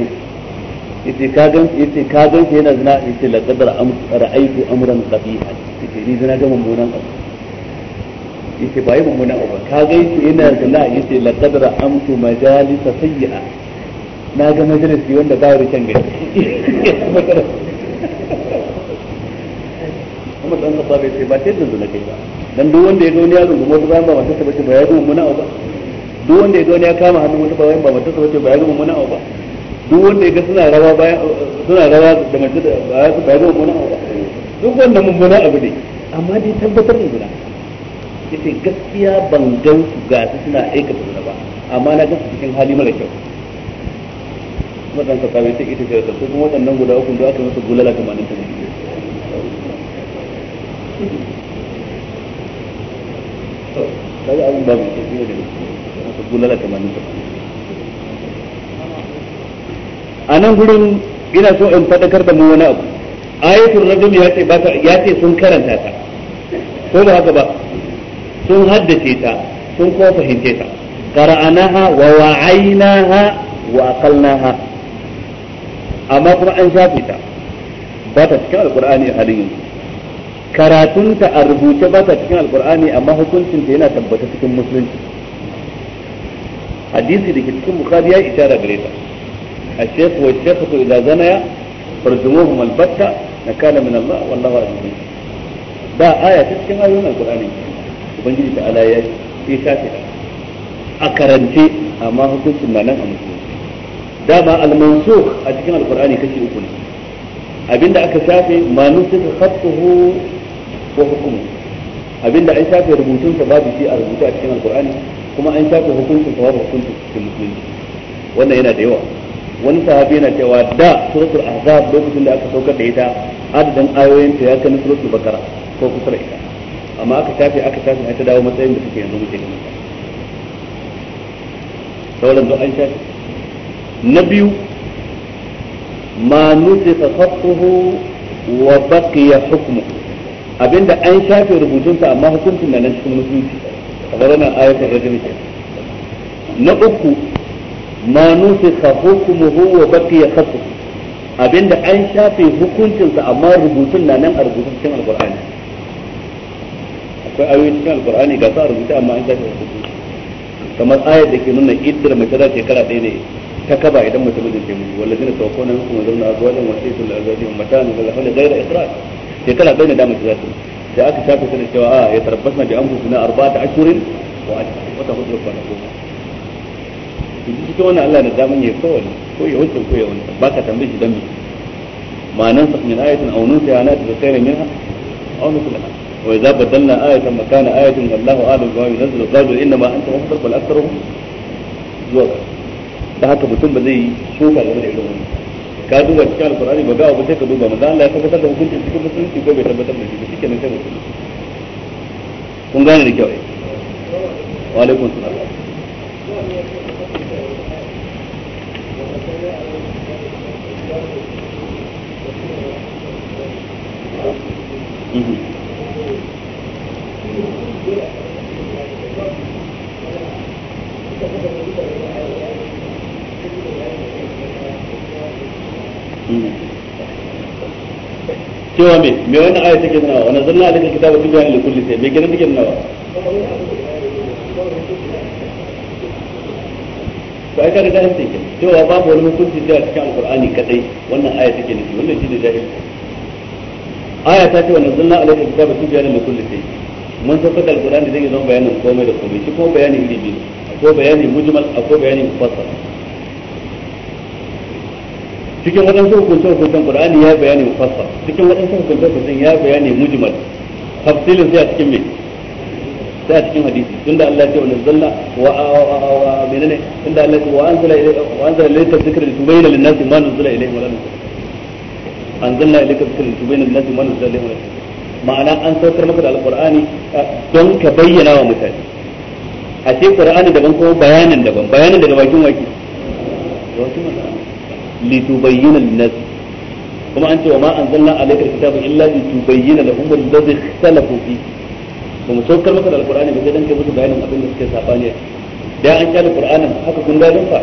yace ka gan yace ka gan shi yana zina yace la am ra'aytu amran qabiha yace ni zina ga mummunan abu yace bai mummunan abu ka gan shi yana zina yace la am tu majalis sayyi'a na ga majalisi wanda ba da kan gani kuma dan ka ba sai ba tayin zina kai ba dan duk wanda ya ga wani ya runguma ba bayan ba matarsa ba ya ga mummuna ba duk wanda ya ga wani ya kama hannun wata bayan ba matarsa ce ba ya ga mummuna ba duk wanda ya ga suna rawa ba suna rawa da mace da ba ya ga mummuna ba duk mun mummuna abu ne amma dai tabbatar da guda yace gaskiya ban ga su ga su suna aikata guda ba amma na ga su cikin hali mara kyau kuma dan kawai sai ita ce da su kuma waɗannan guda uku da aka musu gulala kamar nan ta ne to kaga abin babu ke fiye da su bulala tamanin ta a nan gurin ina so in faɗakar da mu wani abu ayatul rajul ya ce ya ce sun karanta ta ko ba haka ba sun haddace ta sun kuma fahimce ta qara'anaha wa wa'aynaha wa aqalnaha amma kuma an shafe ta ba ta cikin alqur'ani halin yanzu karatunta a rubuce ba ta cikin alkur'ani amma hukuncin ta yana tabbata cikin musulunci hadisi da ke cikin bukhari ya yi isara gare ta a shekhu wa shekhu to idan zanaya farjumuhu malbatta na kala min Allah wallahu azim ba aya ta cikin ayoyin alkur'ani ubangiji ta ala ya ce ta ce a karance amma hukuncin na nan a musulunci dama al a cikin alkur'ani kashi uku ne abinda aka shafe ma nusika khattuhu ko hukumu abinda an shafe rubutun sa babu shi a rubutu a cikin alqur'ani kuma an shafe hukuncin sa babu hukuncin cikin musulunci wannan yana da yawa wani sahabi yana cewa da suratul ahzab lokacin da aka saukar da ita adadin ayoyin ta ya kai suratul bakara ko kusa ita amma aka shafe aka shafe har ta dawo matsayin da suke yanzu muke da sauran duk an shafe na biyu ma nusifa khattuhu wa baqiya hukmuhu abinda an shafe rubutunsa amma hukuncin na nan cikin musulunci kamar wannan ayatul rajul na uku ma nusikha huwa wa baqiya kasu abinda an shafe hukuncinsa amma rubutun na nan a rubutun cikin alqur'ani akwai ayoyi cikin alqur'ani ga sa rubuta amma an shafe rubutu kamar ayar da ke nuna iddar mai za shekara ɗaya ne ta kaba idan mace mijin ce miji wallazina tawaffawna wasu wa zarna azwajan wasiyatan lil azwajihim mata'an ila hawli ghayra ikhraj shekara ɗaya na da shi za ta sai aka shafe su da cewa a ah, ya tarabbas na jami'an bi an fusuna arba'ata ashurin wa wata hudu da kwana goma yanzu cikin wannan Allah na daman ya kowane ko ya wancan ko ya wancan ba ka tambayi shi dan me ma'anan sa min ayatin aw nusa ya nati bi khairin minha aw wa idza badalna ayatan makana ayatin wallahu a'lam bima yunzilu qalu inna ma anta muhdhir bal aktharuhum zuwa da haka mutum ba zai shuka game da irin wannan ka duba cikin alkurani ba gawa ba sai ka duba manzo Allah ya tabbatar da hukuncin cikin musulunci ko bai tabbatar da shi ba cikin nan sai musulunci kun gane da kyau eh? wa alaikum salam Mm-hmm. cewa me me wannan aya take nuna wa nazalna alaka kitaba tibyan li kulli shay me kenan take nuna to ai kaga jahilci ke cewa babu wani hukunci sai cikin alqur'ani kadai wannan aya take nufi wannan shi ne jahilci aya ta ce wa nazalna alaka kitaba tibyan li kulli shay mun saukar da alqur'ani zai zama bayanin komai da komai shi ko bayani iri ko akwai bayani mujmal akwai bayani mufassal cikin waɗansu hukuncin hukuncin qur'ani ya bayani mufassal cikin waɗansu hukuncin hukuncin ya bayani mujmal tafsilin sai a cikin me sai a cikin hadisi tunda Allah ya ce wannan zalla wa wa menene tunda Allah ya wa anzala ilayka wa anzala ilayka dhikra litubayyana lin-nasi ma nuzila ilayhim wa anzalna ilayka dhikra litubayyana lin-nasi ma nuzila ilayhim ma'ana an saukar maka da alqur'ani eh, don ka bayyana wa mutane a ce qur'ani daban kuma bayanin daban bayanin daga bakin waki wato litubayyana lin-nas kuma an ce wa ma anzalna alayka alkitaba illa litubayyana lahum alladhi ikhtalafu fi ba mu saukar maka da alqur'ani ba sai dan kai musu bayanin abin da suke sabani da an kyale qur'anin haka kun dalin fa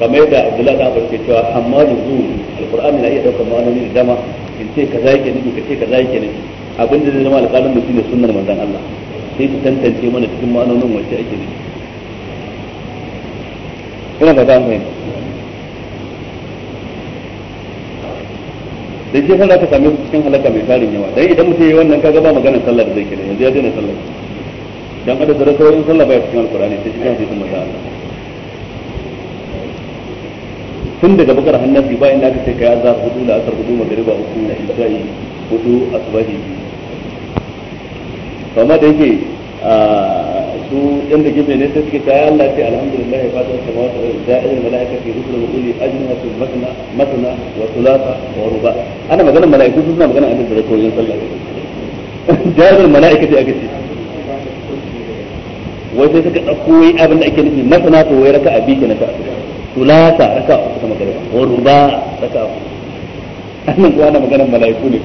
kamar yadda Abdullahi da Abbas ke cewa amma nuzul Alƙur'ani na iya daukar ma'anoni da dama in ce kaza yake nufi ka ce kaza yake nufi abin da zai zama alƙalin da shine sunnar manzon Allah sai su tantance mana cikin ma'anonin wacce ake nufi ina ba za mu da shi yasa ka same cikin halaka mai tarin yawa dan idan mutum yayi wannan kaga ba magana sallah da zai kira yanzu ya daina sallah dan adad da rakawoyin sallah bai cikin alqur'ani sai cikin hadisin manzo Allah tun daga bakar hannun ba inda aka ce kai azhar hudu da asar hudu magriba uku na isha'i hudu asbahi to amma da yake ah, su yan da gibe ne sai suke ta ya Allah ce alhamdulillah ya fata fatan samawati wal da'il malaika ke fi rusul wa quli ajnatu matna matna wa thulatha wa ruba ana maganar malaiku su suna maganar annabi da koyon sallah da jarir malaika ce aka ce wai sai suka dauko yi abin da ake nufi matna to wai raka bi ke na ta thulatha raka'a uku kuma gaba wa ruba raka'a uku annan kuwa ana maganar malaiku ne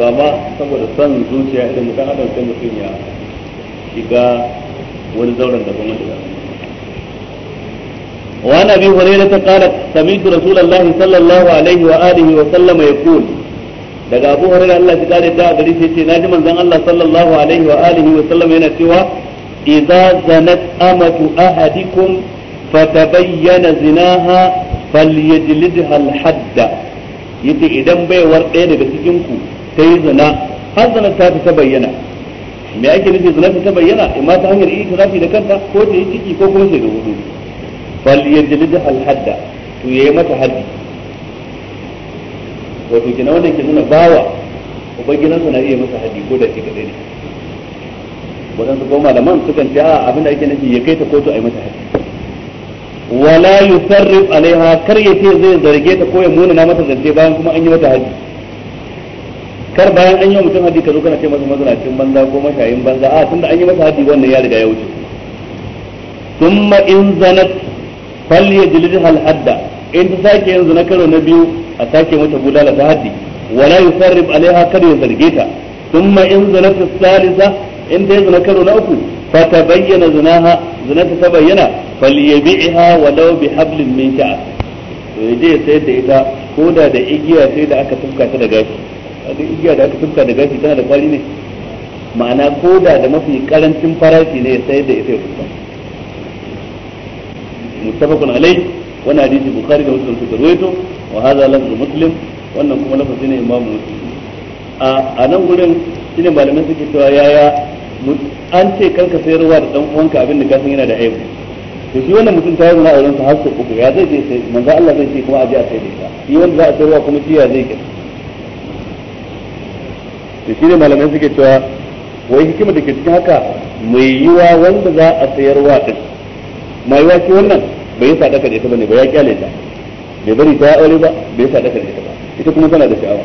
ba ma saboda son zuciya idan mutum adam sai mutum ya shiga wani zauren da kuma shiga وعن ابي هريره قال سمعت رسول الله صلى الله عليه واله daga abu hurairah Allah ya kare da gari sai ce naji manzon Allah sallallahu alaihi wa alihi wa sallam yana cewa idza zanat amatu ahadikum fatabayyana zinaha falyajlidha al yace idan baiwar ɗaya daga cikin ku ta yi zina har zanar ta ta bayyana me ake nufi zinafi ta bayyana imma ta hanyar yi tirafi da kanta ko ta yi ciki ko kuma shaidu hudu fal yajlid al hadda to yayi mata haddi wato kina wannan ke nuna bawa ubangidansa na iya masa haddi ko da shi kadai ne wadansu ko malaman sukan ce a abin da ake nufi ya kai ta kotu a yi mata haddi wala yusarrif alaiha kar ya ce zai zarge ta ko ya munana mata zance bayan kuma an yi mata haddi kar bayan an yi mutum haji ka zo kana ce masa mazunacin banza ko mashayin banza a tunda an yi masa haji wannan ya riga ya wuce thumma in zanat falyajlidha al-hadda in ta sake yin zina karo na biyu a sake mata bulala ta haddi wala yusarrib alaiha kar ya zarge ta thumma in zanat as-salisa in ta zina karo na uku fa tabayyana zinaha zinata ta bayyana falyabi'ha walau bihablin min sha'a to yaje sayar da ita ko da da igiya sai da aka tufka ta da gashi kaga igiya da aka tufka da gashi tana da kwari ne ma'ana ko da da mafi karancin farashi ne sai da ita ya kusa mustafakun alai wani hadisi bukari da muslim suka ruwaito wa hadha lafzu muslim wannan kuma lafazi ne imam muslim a nan gurin shine malaman suke cewa yaya an ce karka sayarwa da dan uwanka abin da kasan yana da aibu to shi wannan mutum ta yi mana auren sa har sau uku ya zai je sai manzo Allah zai ce kuma a je a sai da ita shi wanda za a ruwa kuma shi ya zai kai to ne malamai suke cewa wai hikima da ke cikin haka mai yiwa wanda za a wa din mai yiwa shi wannan bai daka da ita bane ba ya kyale ta bai bari ta aure ba bai daka da ita ba ita kuma tana da sha'awa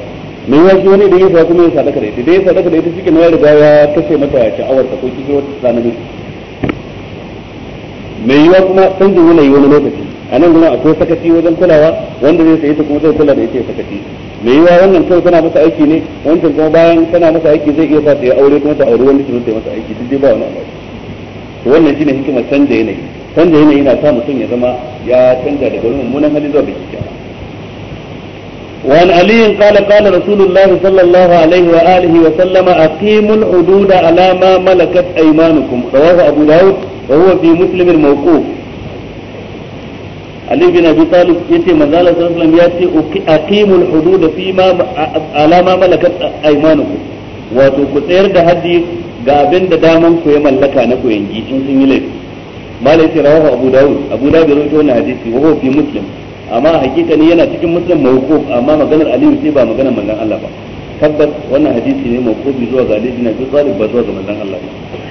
mai yiwa shi wani da yasa sa kuma yasa daka da ita da yasa daka da ita shi wani ya riga ya kashe mata sha'awar ta ko kike wata tsanani mai yiwa kuma canjin yanayi wani lokaci a nan gudun akwai sakaci wajen kulawa wanda zai sayi ta kuma zai kula da ita ya sakaci me yiwa wannan kawai tana masa aiki ne wancan kuma bayan tana masa aiki zai iya fata ya aure kuma ta aure wanda shi zai masa aiki duk dai ba wani abu to wannan shine hikimar canja yanayi canja yanayi na sa mutum ya zama ya canja daga wani mummunan hali zuwa bai kyakkyawa وعن علي قال قال رسول الله صلى الله عليه وآله وسلم أقيموا الحدود على ما ملكت أيمانكم رواه أبو داود وهو في مسلم الموقوف Ali bin Abi Talib yace manzo Allah sallallahu alaihi wasallam yace aqimul hudud fi ma alama malakat aymanukum wato ku tsayar da haddi ga abin da daman ku ya mallaka na ku yangi in sun yi laifi malai sai rawahu Abu Dawud Abu Dawud ya rawaito wannan hadisi wa huwa fi Muslim amma hakika ne yana cikin Muslim mawquf amma maganar Ali sai ba maganar manzon Allah ba tabbas wannan hadisi ne mawqufi zuwa ga Ali bin Abi Talib ba zuwa ga manzon Allah ba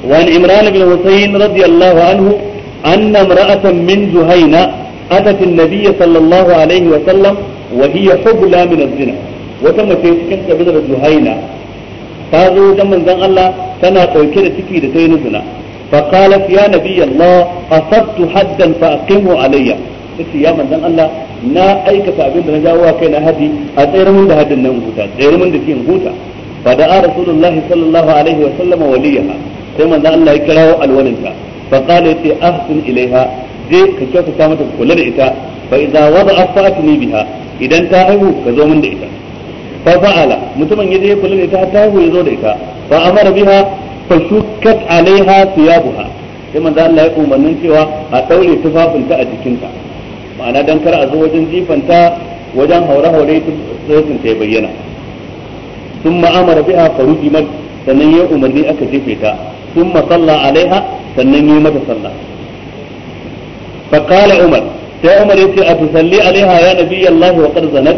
وعن عمران بن حسين رضي anhu. أن امرأة من جهينة أتت النبي صلى الله عليه وسلم وهي حبلى من الزنا وتم في سكن قبيلة جهينة تازو جمن زن الله تنا توكير تكي لتين زنا فقالت يا نبي الله أصبت حدا فأقمه علي قلت يا من زن الله نا أيك فأبين نجاوا كينا هدي أتير من ده هدي نمهوتا أتير من ده نمهوتا فدعا رسول الله صلى الله عليه وسلم وليها ثم زن الله يكرهه الولنتا fa qala yace ahsin ilaiha je ka kyautata mata kula da ita fa idza wada'a fatini biha idan ta haihu ka zo min da ita fa fa'ala mutumin yaje ya kula da ita ta haihu ya zo da ita fa amara biha fa shukkat alaiha thiyabuha sai manzo Allah ya umarnin cewa a daure tufafinta a jikinta ma'ana dan kar a zo wajen jifanta wajen haure-haure sun ta bayyana sun ma'amara biha faruji mat sannan ya umarni aka jefe ta sun masalla alaiha sannan yi mata sallah fa umar sai umar yace a tusalli alaiha ya nabi allah wa zana zanat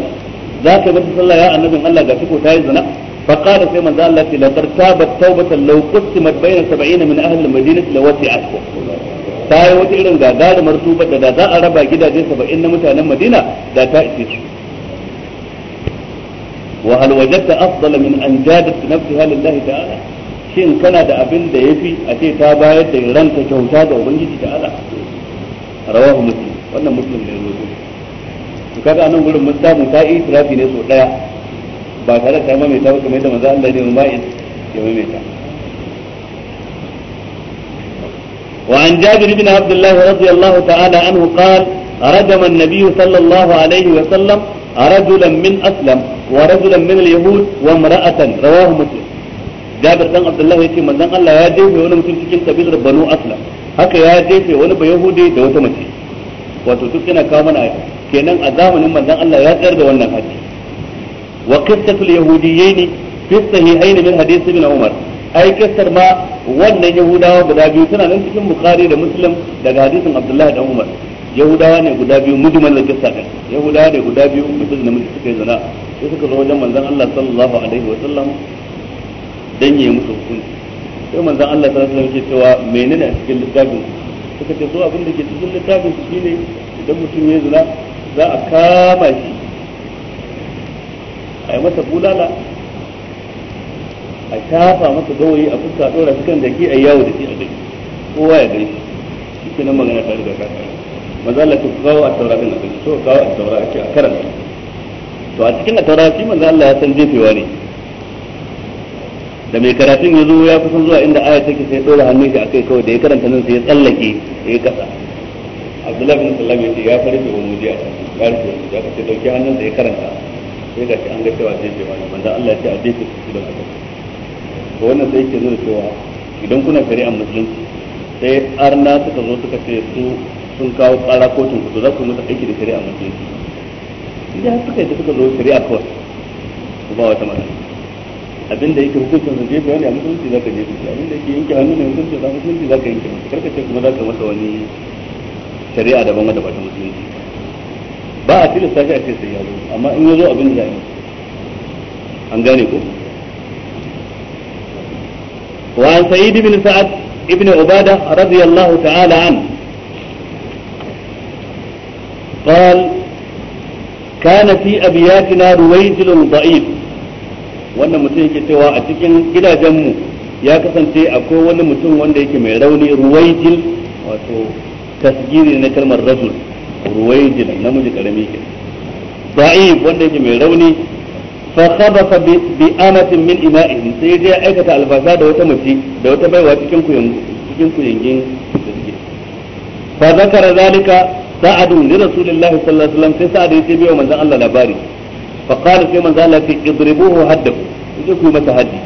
zaka mata sallah ya annabin allah ga ko tayi zina fa sai manzo allah ce laqad tabat tawbatan law qusimat bayna 70 min ahli almadinati ta yi wata irin gagarumar tuba da za a raba gidaje 70 na mutanen madina da ta ishe su وهل وجدت أفضل من أن نفسها لله تعالى shin kana da abin da yafi a ce ta bayar da ranta kyauta ga ubangiji ta ala rawahu muslim wannan muslim ne zo to kaga anan gurin mun samu ta yi tirafi ne so daya ba tare da ta mai ta kuma da manzo Allah ne mun bai ya mai ta وعن جابر بن عبد الله رضي الله تعالى عنه قال رجم النبي صلى الله عليه وسلم رجلا من أسلم ورجلا من اليهود وامرأة رواه مسلم jabir dan abdullahi yace manzon Allah ya jefe wani mutum cikin kabilar banu aslam haka ya jefe wani ba yahudi da wata mace wato duk yana kawo mana kenan a zamanin manzon Allah ya tsayar da wannan hadisi wa qissatul yahudiyyin fi sahihayn min hadisi ibn umar ai kissar ma wannan yahudawa guda biyu tana nan cikin bukhari da muslim daga hadisin abdullahi da umar yahudawa ne guda biyu mujmal kissa kan yahudawa ne guda biyu mutum da mutum suka yi zina sai suka zo wajen manzon Allah sallallahu alaihi wa sallam dan ya musu hukunci sai manzon Allah sallallahu alaihi wasallam ke cewa menene a cikin littafin suka ce so abin da ke cikin littafin su shine idan mutum ya zina za a kama shi a yi masa bulala a shafa masa gawayi a fuska dora su kan jaki a yawo da shi a gari kowa ya gari shi ke nan magana ta riga kaka maza Allah ta kawo a taurarin a gari so kawo a taurarin a karanta to a cikin a taurarin shi manzo Allah ya san jefewa ne da mai karatun ya zo ya kusan zuwa inda aya take sai dora hannun shi akai kawai da ya karanta nan sai ya tsallake ya kasa abdullahi bin sallam ya ce ya fara da wani mujiya ya rufe ya kace dauki hannun da ya karanta sai ga an ga cewa zai ce wani manzo Allah ya ce a jefe su da haka to wannan sai yake nuna cewa idan kuna shari'ar musulunci sai arna suka zo suka ce su sun kawo tsara kotun ku to za ku mutu aiki da shari'ar musulunci idan suka yi suka zo shari'a kawai ba wata matsala abinda yake hukuncin sun jefe wani a musulunci zaka jefe shi abinda yake yanke hannu ne hukuncin da musulunci zaka yanke masa karkace kuma zaka masa wani shari'a daban wanda ba ta musulunci ba a tilasta shi a ce sai ya zo amma in ya zo abin da an gane ko وعن سعيد بن سعد ابن عبادة رضي الله تعالى قال كان في أبياتنا رويجل ضعيف wannan mutum yake cewa a cikin gidajenmu ya kasance akwai wani mutum wanda yake mai rauni ruwaijil wato tasgiri na kalmar rajul ruwaijil namiji karami ke da'i wanda yake mai rauni fa khabata bi amatin min ima'in sai dai aikata albasa da wata mace da wata baiwa cikin kuyin cikin kuyingin fa zakara zalika sa'adun li rasulillahi sallallahu alaihi wasallam sai sa'ad ya ce bai wa manzon Allah labari فقالوا في من ذلك اضربوه وهدوا يجيكم متى هدي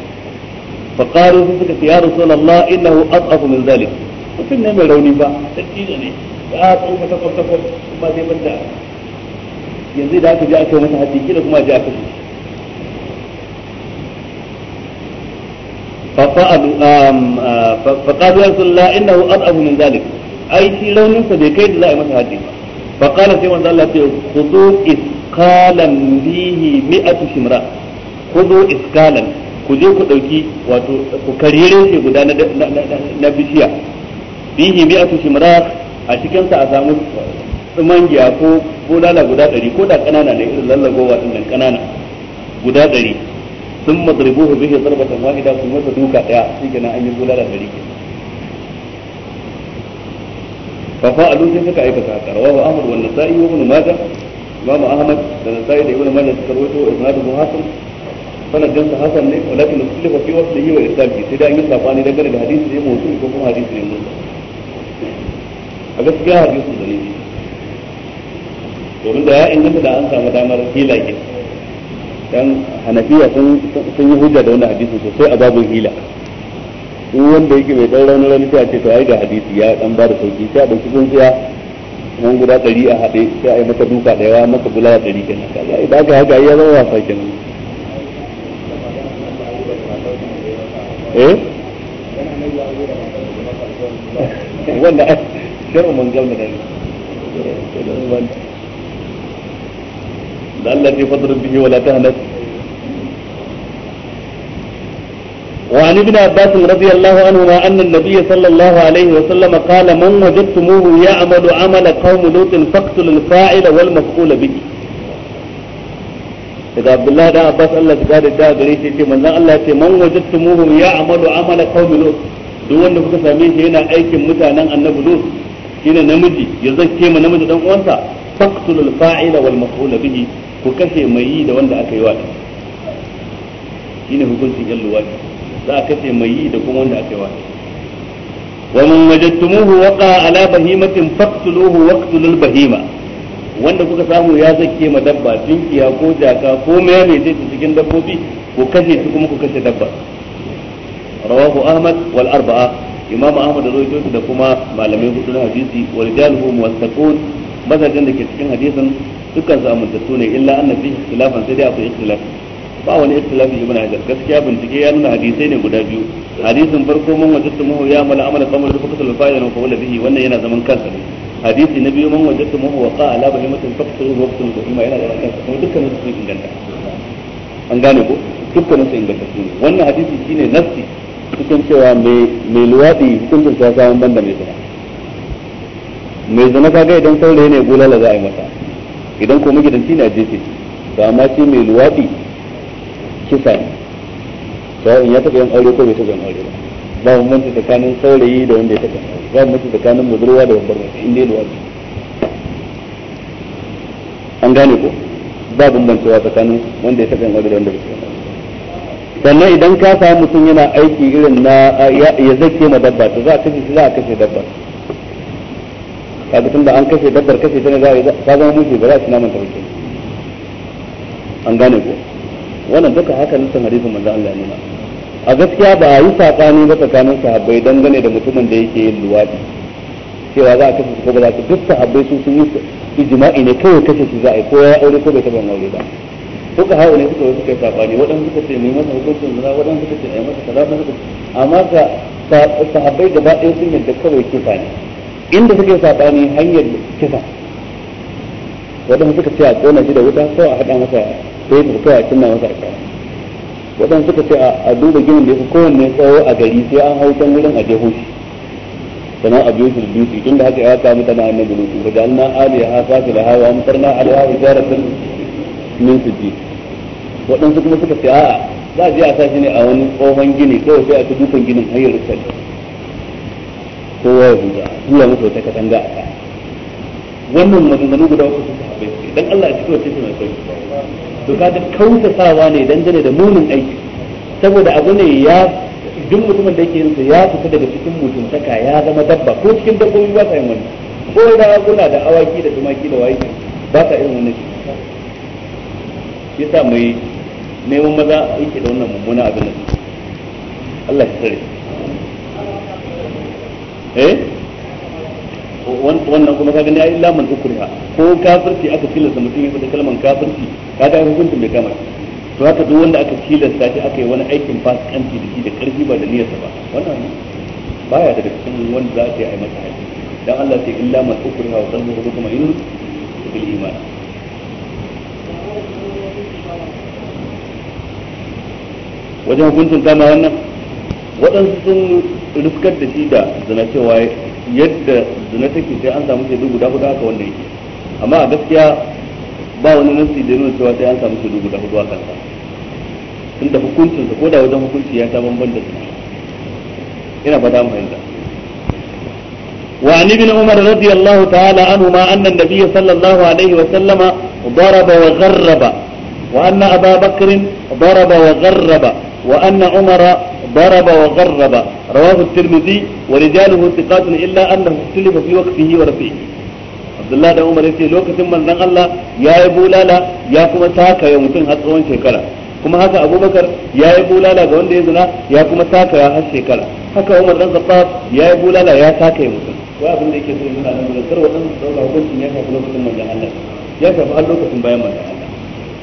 فقالوا فسك يا رسول الله انه اضعف من ذلك mutum ne mai rauni ba dattijo ne ya tsoka takwas takwas kuma zai banda yanzu da aka je aka yi masa haddi kila kuma je aka shi فقالوا فقالوا يا رسول الله انه اضعف من ذلك اي شيء لو ننسى بكيد لا يمسها حديث فقال سيما الله خذوا isqalan bihi mi'atu ku je ku dauki wato ku kariyare shi guda na na bishiya bihi mi'atu a cikin a samu tsumangiya ko bulala guda 100 ko da kanana ne irin lallagowa din nan kanana guda 100 sun hu bihi darbatan wahida su masa duka daya shi kenan an yi bulala 100 ففعلوا ذلك ba amur رواه أحمد والنسائي وابن ماجه imam ahmad da nasai da ibnu majah na rawaito isnaduhu hasan sanadin sa hasan ne walakin mukhtalif fi waslihi wa isnadihi sai da an yi sabani dangane da hadisi ne mawsul ko kuma hadisi ne mursal a gaskiya hadisi domin da ya inganta da an samu damar hila ke dan hanafiya sun yi hujja da wannan hadisin sosai a babin hila in wanda yake mai dan rauni rauni ce da hadisi ya dan ba da sauki dauki kuma guda ɗari a haɗe sai a yi maka duka da wa maka da ɗari kenan idan aka haka ya zama wasa kenan eh wanda shirin manzal eh, da da وعن ابن عباس رضي الله عنهما أن النبي صلى الله عليه وسلم قال من وجدتموه يعمل عمل قوم لوط فاقتلوا الفاعل والمفعول به daga abdullahi da abbas allah ta gada da gare shi ce manzon allah ce man wajadtumuhu ya'malu amala qaumi lut duk wanda kuka same shi yana aikin mutanen annabi lut shine namiji ya zakke ma namiji dan uwansa faqtul fa'ila wal maf'ul bihi ku kashe mai yi da wanda aka yi wa shine hukuncin yan luwadi za a kashe mai yi da kuma wanda aka yi ala bahimatin faqtuluhu bahima wanda kuka samu ya zake ma dabba tunkiya ko jaka ko maya ne ce cikin dabbobi ko kashe su kuma ku kashe dabba rawahu ahmad wal arba'a imam ahmad da rawaito da kuma malamai hudu na hadisi wal jaluhu muwassaqun mazajin da ke cikin hadisin dukkan su amintattu ne illa anna fihi ikhtilafan sai dai akwai ikhtilafi ba wani ikhtilafi ibn hajar gaskiya bincike ya nuna hadisai ne guda biyu hadisin farko man wajadtu muhu ya amala amala kamar da fakatul fa'ila wa qawla bihi wannan yana zaman kansa ne hadisi na biyu man wajadtu muhu wa qala bihi bahimatin fakatul wa qawla bihi yana zaman kansa kuma dukkan su inganta an gane ko dukkan su inganta su wannan hadisi shine nassi cikin cewa mai mai luwadi hukuncin ta samun banda mai zina mai zina kaga idan saurayi ne bulala za a yi masa idan ko magidanci ne a jefe to amma shi mai luwadi kisa ne shawabin ya taɓa yin aure ko bai taɓa yin aure ba ba mu manta tsakanin saurayi da wanda ya taɓa aure ba mu manta tsakanin budurwa da wanda mace inda ya luwaɗi an gane ko ba bambancewa tsakanin wanda ya taɓa yin aure da wanda bai taɓa yin aure sannan idan ka samu mutum yana aiki irin na ya zake ma dabba to za a kashe shi za a kashe dabba kaga da an kashe dabbar kashe ta ne za a yi ka zama mushi ba za a ci naman ta an gane ko wannan duka haka nan hadisin manzo Allah ne a gaskiya ba a yi sakani ba tsakanin sahabbai dangane da mutumin da yake yin luwadi cewa za a kashe shi ko ba za a duk sahabbai su sun yi ijma'i ne kawai kashe shi za a yi ko ya aure ko bai taba aure ba duka haɗu ne suka suka yi sakani waɗansu suka ce mai masa hukuncin zina waɗansu suka ce ai masa kaza na suka amma ka sahabbai gaba ɗaya sun yadda kawai kisa ne inda suka yi sakani hanyar kisa waɗansu suka ce a ƙona shi da wuta ko a haɗa masa sai ka kai a cinna masa a wadanda suka ce a duba ginin da ya fi kowanne tsawo a gari sai an hau can wurin a jeho shi sannan a biyu su da su tun da haka ya kawo mutane annabi lutu da ali aliya ha fasu da hawa mutarna alwa sun min su ji waɗansu kuma suka ce a'a za a je a sashi ne a wani tsohon gini kawai sai a ci dukan ginin hanyar rufar kowa ya huta tura masa wata katanga a ka wannan maganganu guda uku suka haɓe dan Allah ya ci kowace mai sauki to kaga kautasawa ne dangane da munin aiki saboda abu ne ya duk mutumin da yake yin ya fita daga cikin mutuntaka ya zama dabba ko cikin dabbobi ba ta yin wani ko da kuna da awaki da tumaki da wayi ba sa irin wannan yasa mai neman maza yake da wannan mummuna abin su Allah ya tsare eh wannan kuma ka gani ayi lamun ukriha ko kafirci aka tilasta mutum ya fada kalman kafirci yi hukuncin bai kama to haka duk wanda aka tilasta shi aka yi wani aikin fasikanci da shi da karfi ba da niyyarsa ba wannan baya daga cikin wanda za a yi a masa haƙi dan Allah sai illa man ukriha wa qalbuhu kuma yin bil iman wajen hukuncin kama wannan waɗansu sun riskar da shi da zana cewa yadda zina take sai an samu shaidu guda hudu aka wanda yake amma a gaskiya ba wani nasi da nuna cewa sai an samu shaidu guda hudu aka sa tunda hukuncin ko da wajen hukunci ya ta bamban da zina ina ba damu hanyar wa an bin umar radiyallahu ta'ala anhu ma anna an sallallahu alaihi wa sallama ضرب وغرب وان ابا بكر ضرب وغرب وان umar. ضرب وغرب رواه الترمذي ورجاله ثقات إلا أنه اختلف في وقته ورفيه عبد الله بن عمر Allah ya yi bulala ya kuma taka mutum har tsawon shekara kuma haka abubakar ya yi bulala ga wanda ya zina ya kuma taka ya har shekara haka umar dan khattab ya yi bulala ya taka mutum wai abin da yake so yana nan da sarwa hukuncin ya shafi lokacin manzon Allah ya shafi har lokacin bayan manzon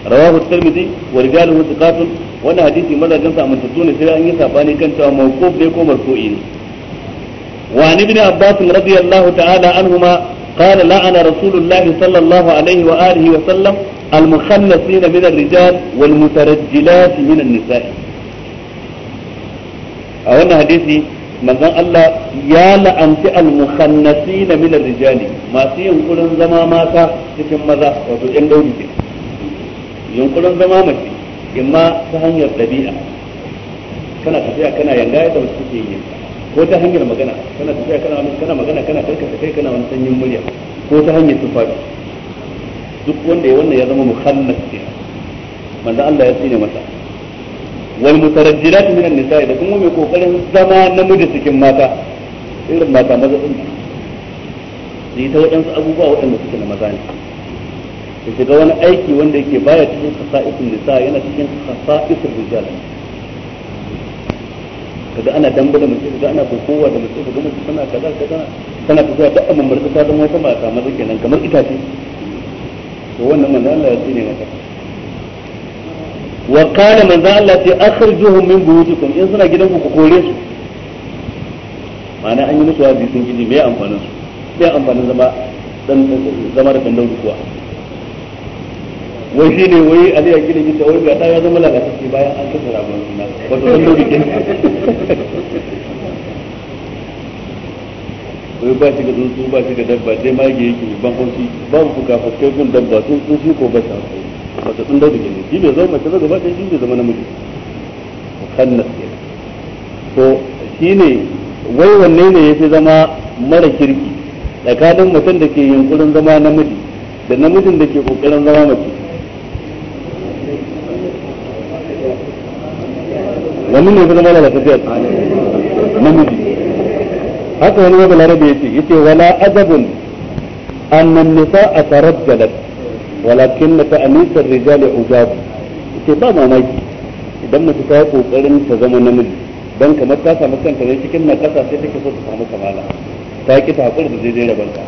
rawahu tirmidhi wa rijaluhu thiqatun wannan hadisi mazajin sa amintattu sai an yi sabani kan cewa mawquf ne ko marfu'i ne wa an ibn abbas radiyallahu ta'ala anhuma قال لعن رسول الله صلى الله عليه وآله وسلم المخلصين من الرجال والمترجلات من النساء a wannan hadisi manzon Allah ya la'anci al-mukhannasina min ar-rijali masu yin kurin zama mata cikin maza wato ɗan yunkurin zama mace ma ta hanyar dabi'a kana tafiya kana yanga yadda wasu suke yi ko ta hanyar magana kana tafiya kana wani kana magana kana karkata kai kana wani sanyin murya ko ta hanyar tufafi duk wanda ya wannan ya zama muhammad ce manzo Allah ya tsine masa wal mutarajjirat min an-nisa da kuma mai kokarin zama namiji cikin mata irin mata maza din su yi ta waɗansu abubuwa waɗanda suke na maza ne ta shiga wani aiki wanda yake baya cikin khasa'isun nisa yana cikin khasa'isur rijal kaga ana dambe da mace kaga ana kokowa da mace kaga mace tana kaza kaza tana zuwa duk amma marka ta zama wata mata maza kenan kamar itace to wannan manzo Allah ya tsine mata wa qala manzo Allah ta akhrijuhum min buyutikum in suna gidan ku kore su ma'ana an yi musu wajibi sun gidi me amfanin su me amfanin zama dan zama da kandan kuwa wai shi ne wai ali ya gina gita wai gada ya zama lalatacce bayan an kasa ramuwar suna wato wani lori kin wai ba shi ga tsuntsu ba shi ga dabba ma mage yake ban ba babu fuka fuskai gun dabba tsuntsu shi ko ba sa wato sun dauka gini shi bai zama mace ba gaba ɗaya shi bai zama namiji na siya to shi ne wai wanne ne ya fi zama mara kirki tsakanin mutum da ke yunkurin zama namiji da namijin da ke kokarin zama mace wannan ne zama mana da tafiya namiji haka wani wanda larabe yace yace wala a adabun أن النساء ترجلت ولكن تأنيس الرجال عجاب ce ba mamaki idan mace ta yi kokarin ta zama namiji don kamar ta samu kanta ne cikin na kasa sai take so ta samu kamala ta ki ta hakuri da daidai rabanta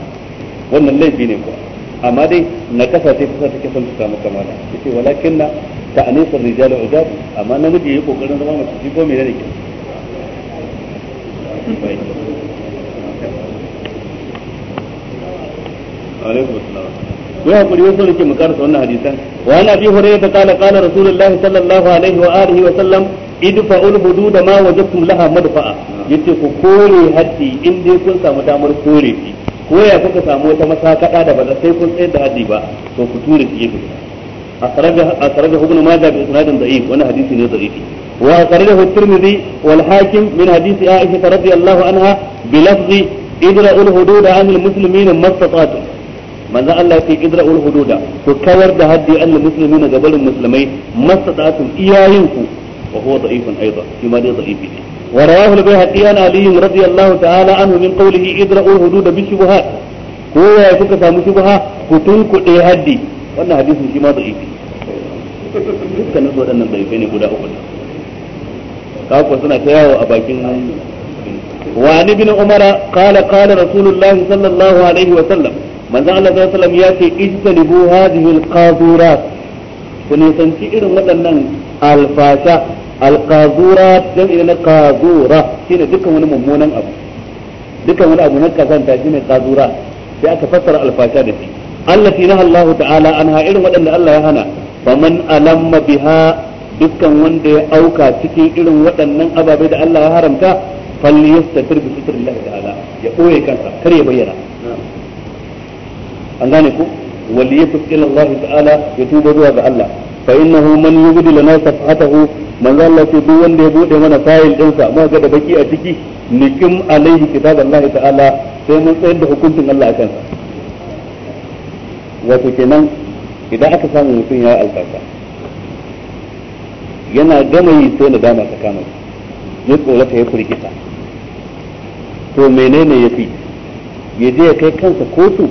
wannan laifi ne kuwa amma dai na kasa ce kasa take son ta samu kamala yace walakin na ta anisar rijal udad amma na namiji yayi kokarin zama mace shi ko me ne alaikum assalam يا أبو يوسف لك مكارس وانا حديثا وانا أبي هريرة قال قال رسول الله صلى الله عليه وآله وسلم ادفعوا الحدود ما وجدتم لها مدفعة yace ku حتي اندي كنت dai kun samu ko ya kuka samu wata masakada da ba da sai kun tsayar da haji ba to ku tura shi gefe أخرجه ابن ماجه بإسناد ضعيف وأنا حديث ضعيف وأخرجه الترمذي والحاكم من حديث عائشة رضي الله عنها idra ادرأوا hududa عن المسلمين ما استطعتم manzo Allah ke idra ul hududa ku kawar da haddi na muslimin ga barin musulmai mastata'atum iyayenku wa huwa da'ifun aidan shi ma dai da'ifi ne ورواه البيهقي عن علي رضي الله تعالى عنه من قوله ادرؤوا الحدود بالشبهات هو يا كوكا سامو شبهه كتنكدي هدي wannan hadisin shi ma da'ifi dukkanin su waɗannan daifai ne guda uku ka kuwa suna ta yawo a bakin وعن ابن عمر قال قال رسول الله صلى الله عليه وسلم من الله صلى الله عليه وسلم ياتي اجتنبوا هذه القاذورات كن يسنتي irin waɗannan alfasha alqazura jam'i na qazura shine dukkan wani mummunan abu dukkan wani abu na kazanta ne qazura sai aka fassara alfasha da shi allati naha Allah ta'ala anha irin waɗanda Allah ya hana faman alamma biha dukkan wanda ya auka cikin irin waɗannan ababai da Allah ya haramta falyastatir bi sitrillah ta'ala ya koye kansa kar ya bayyana an gane ku wal yafsil Allah ta'ala ya tuba zuwa ga Allah fa innahu man yubdi lana safatahu ce duk wanda ya bude mana fayil dinsa mu ga da baki a ciki nikim alaihi ta'ala sai mun da hukuncin Allah sa wato kenan idan aka samu mutum ya alƙasa yana gama yi sai na dama ta kama ya tsorata ya firgita to menene ya fi ya kai kansa kotu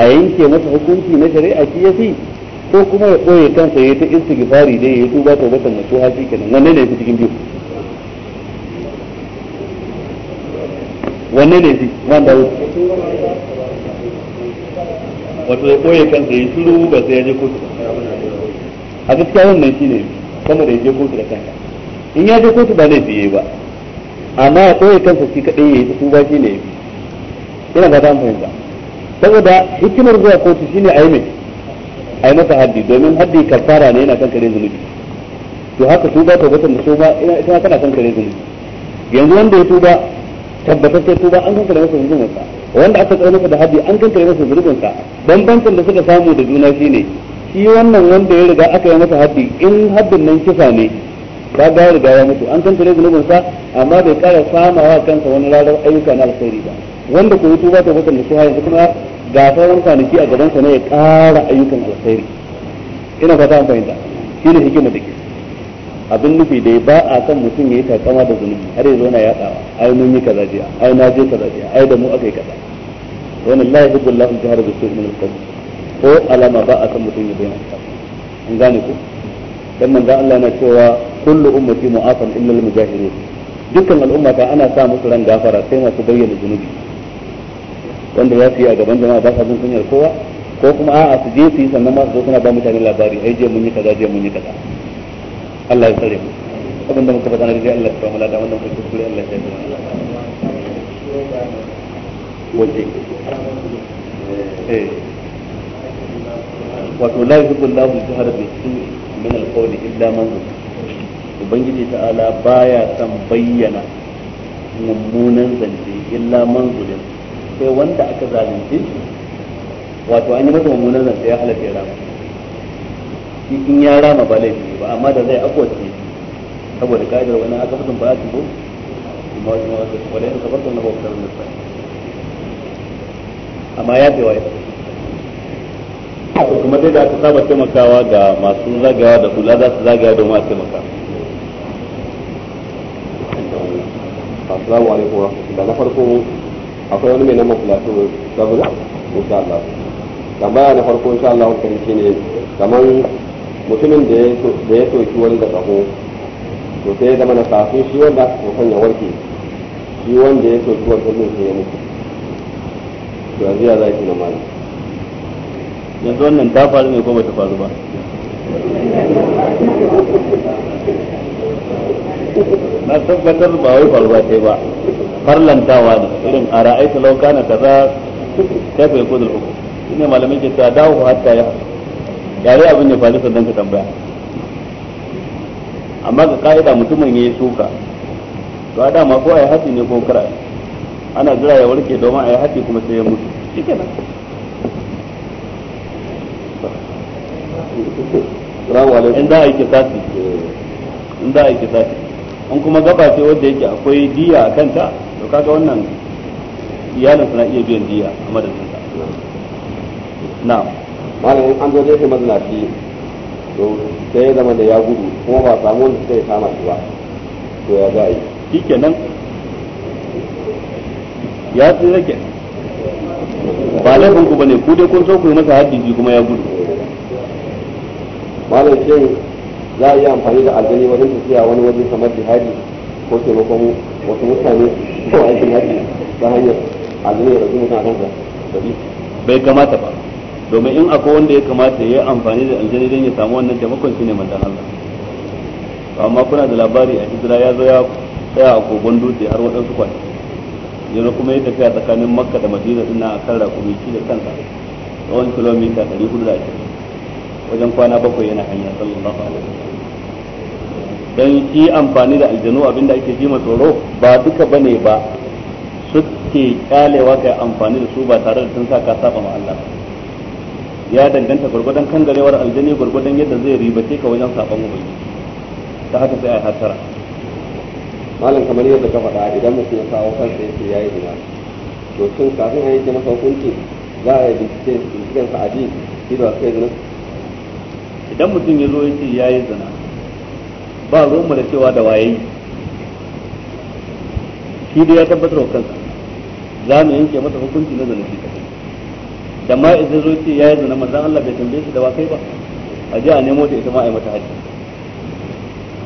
a yanke masa hukunci na shari'a shi ya fi ko kuma ya koye kansa ya ta istighfari dai ya tuba ta wata mutu ha kenan wanne ne fi cikin biyu wanne ne fi wanda wato ya koye kansa ya shiru ba sai ya je kotu a gaskiya wannan shine kuma da ya je kotu da kanka in ya je kotu ba laifi yayi ba amma ya koye kansa shi kadai ya yi ta tuba shi ne ina ba ta ba saboda hikimar zuwa kotu shine a yi mai ai masa haddi domin haddi kafara ne yana kankare zunubi to haka tuba ta wata musulma ina ita tana kankare zunubi yanzu wanda ya tuba tabbatacce tuba an kankare masa zunubin sa wanda aka tsaya masa da haddi an kankare masa zunubin sa bambancin da suka samu da juna shine shi wannan wanda ya riga aka yi masa haddi in haddin nan kisa ne ka ga ya riga ya mutu an kankare zunubin sa amma bai kara samawa kansa wani rarar ayyuka na alkhairi ba wanda ko tuba ta wata musulma haye kuma ga sauran kwanaki a gabansa ne ya ƙara ayyukan alkhairi ina fata an fahimta shi ne hikimar da ke abin nufi dai ba a san mutum ya yi takama da zunubi har ya zauna ya tsawa ai mun yi kaza jiya ai na je kaza jiya ai da mu aka yi kaza wannan la yuhibbu Allahu jahara bi su'in min al ko alama ba a san mutum ya bayyana ta an gane ku dan manzo Allah yana cewa kullu ummati mu'afan illa al-mujahirin dukkan al'umma ta ana sa musu ran gafara sai masu bayyana zunubi wanda za su yi a gaban jama'a ba sa jin kunyar kowa ko kuma a'a su je su yi sannan ma su zo suna ba mutane labari ai je mun yi kaza je mun yi kaza Allah ya tsare mu abin da muka faɗa na gajiya Allah ya tsare mu wanda muka kuma kuskure Allah ya tsare mu wace eh. wato la yuhibbu Allahu al bi su'i min al-qawli illa man ubangiji ta'ala baya son bayyana mummunan zance illa man zulim sai wanda aka zalunce wato an yi masa mummunan zance ya halatta ya rama shi in ya rama ba laifi ba amma da zai akwace saboda ka'idar wani aka fitin ba a ko kuma wani wajen wani wajen wajen wajen wajen wajen wajen amma ya fi waye kuma dai da aka saba taimakawa ga masu zagawa da kula za su zagawa domin a taimaka assalamu alaikum warahmatullahi akwai wani mai nama plateau saboda insha Allah tambaya na farko insha Allah kan ne kamar mutumin da ya soki wani da tsaho to sai ya zama na safi shi wanda aka tsofan ya warke shi wanda ya soki wani kullum sai ya mutu to yanzu ya zai na mali yanzu wannan ta faru ne ko bata faru ba na tabbatar ba wai faruwa ce ba farlantawa ne irin a ra'aita law kana kaza kaifa ko al shi ne malamai ke ta dawo hatta ya yare abin ya faru sannan ka tambaya amma ga ka'ida mutumin ya yi suka to a dama ko a yi hati ne ko kira ana jira ya warke domin a yi hati kuma sai ya mutu shi kenan in za a yi kisasi in za a yi kisasi in kuma gaba ce wadda yake akwai diya a kanta to kaga wannan iyalin suna iya biyan diya a madadin na na'am in an zo jefe shi to sai ya zama da ya gudu kuma ba samu wanda sai ya kama shi ba to ya za a yi shikenan ya tsira ke ba laifin ku bane ku dai kun so ku yi masa haddiji kuma ya gudu malam shehu za a iya amfani da aljani wajen tafiya wani waje kamar jihadi ko taimakon wasu mutane ko aikin haji ta hanyar aljani da mutum a kansa bai kamata ba domin in akwai wanda ya kamata ya yi amfani da aljani don ya samu wannan taimakon ne manzon Allah amma kuna da labari a Isra ya zo ya tsaya a kogon dutse har waɗansu kwanaki yanzu kuma ya tafiya tsakanin makka da madina ina a kan rakumi shi da kansa tsawon kilomita 420 wajen kwana bakwai yana hanya sallallahu alaihi wasallam dan shi amfani da aljanu abinda ake ji tsoro ba duka bane ba suke kyalewa kai amfani da su ba tare da sun sa ka saba ma Allah ya danganta gurgudan kangarewar aljani gurgudan yadda zai ribace ka wajen saban ubangiji ta haka sai ai hatara malam kamar yadda ka faɗa idan mutum ya sawo kansa yake yayi dina to tun kafin a yanke masa hukunci za a yi binciken cikin sa'adi idan sai da idan mutum ya zo ya ce ya yi zina ba ruwanmu da cewa da waye shi da ya tabbatar wa kansa za mu yanke masa hukunci na zina shi kadai da ma idan zo ce ya yi zina manzan Allah bai tambaye shi da wakai ba a ji a nemo ta ita ma a yi mata hajji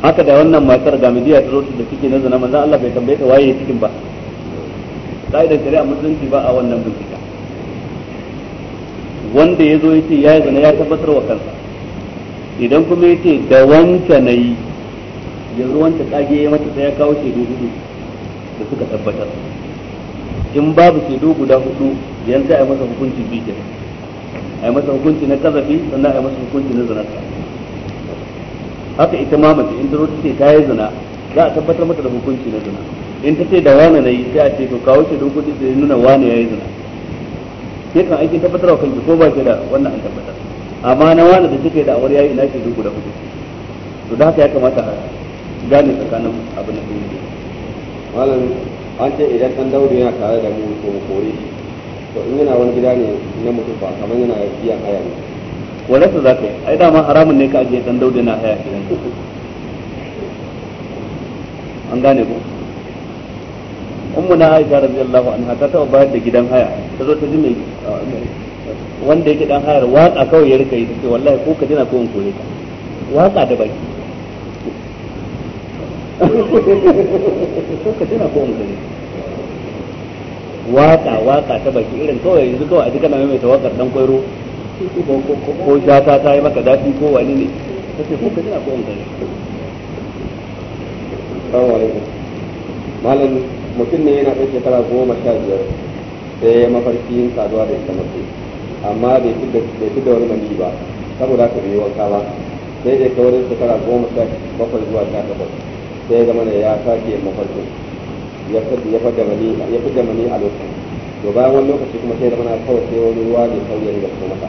haka da wannan matar gamidiya ta zo da suke na zina manzan Allah bai tambaye ta waye cikin ba ka'idar shari'a musulunci ba a wannan bincika wanda ya zo ya ce ya yi zina ya tabbatar wa kansa idan kuma ya ce da wanta na yi yanzu wanta kage ya mata sai ya kawo shaidu hudu da suka tabbatar in babu shaidu guda hudu yanzu a yi masa hukunci biyu ke a yi masa hukunci na kazafi sannan a yi masa hukunci na zina haka ita ma mace in ta ta ce ta yi zina za a tabbatar mata da hukunci na zina in ta ce da wane na yi sai a ce to kawo shaidu hudu da ya nuna wane ya yi zina sai kan aikin tabbatarwa kanki ko ba ke da wannan an tabbatar amma na wani da suke da awar yayi ina ke duk da hudu to da haka ya kamata a gane tsakanin abin da ke yi malam an ce idan dan daure yana tare da mu ko kore shi to in yana wani gida ne na mutum ba kamar yana biyan haya ne wadatsa za ka yi ai dama haramun ne ka ajiye dan daure na haya ke an gane ko ummu na aisha radiyallahu anha ta taba bayar da gidan haya ta zo ta ji mai wanda yake dan hayar waka kawai ya rika yi sai wallahi ko ka dina ko in kore ka waka da baki ko ka dina ko in kore waka waka ta baki irin kawai yanzu kawai a duka na mai tawakar dan koyro ko jata ta yi maka dafi ko wani ne kace ko ka dina ko in kore assalamu alaikum malam mutum ne yana ɗan shekara goma sha biyar sai yin saduwa da ita mafi. amma bai fi da wani mani ba saboda ka bai wanka ba sai dai kawai shekara goma sha bakwai zuwa sha takwas sai ya mana ya sake mafarkin ya fidda mani a lokacin to bayan wani lokaci kuma sai mana kawai sai wani ruwa mai kauri da kuma masa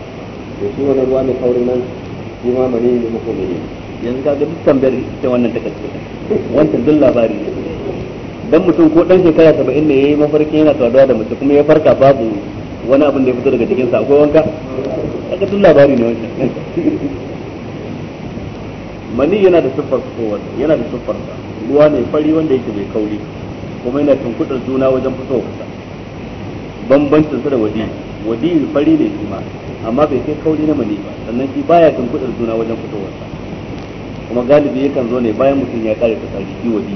to shi wani ruwa mai kauri nan shi ma mani ne muku ne yanzu ka ga dukkan bari ita wannan ta kace wancan duk labari ne dan mutum ko dan shekara 70 ne yayi mafarkin yana saduwa da mutum kuma ya farka babu wani abin da ya fito daga cikin sa akwai wanka kaga tun labari ne wancan mani yana da siffar kowa yana da siffar sa ruwa ne fari wanda yake mai kauri kuma yana tunkudar juna wajen fito kusa bambancin sa da wadi wadi fari ne shi ma amma bai kai kauri na mani ba sannan shi baya tunkudar juna wajen sa kuma galibi yakan zo ne bayan mutum ya kare fitsari shi wadi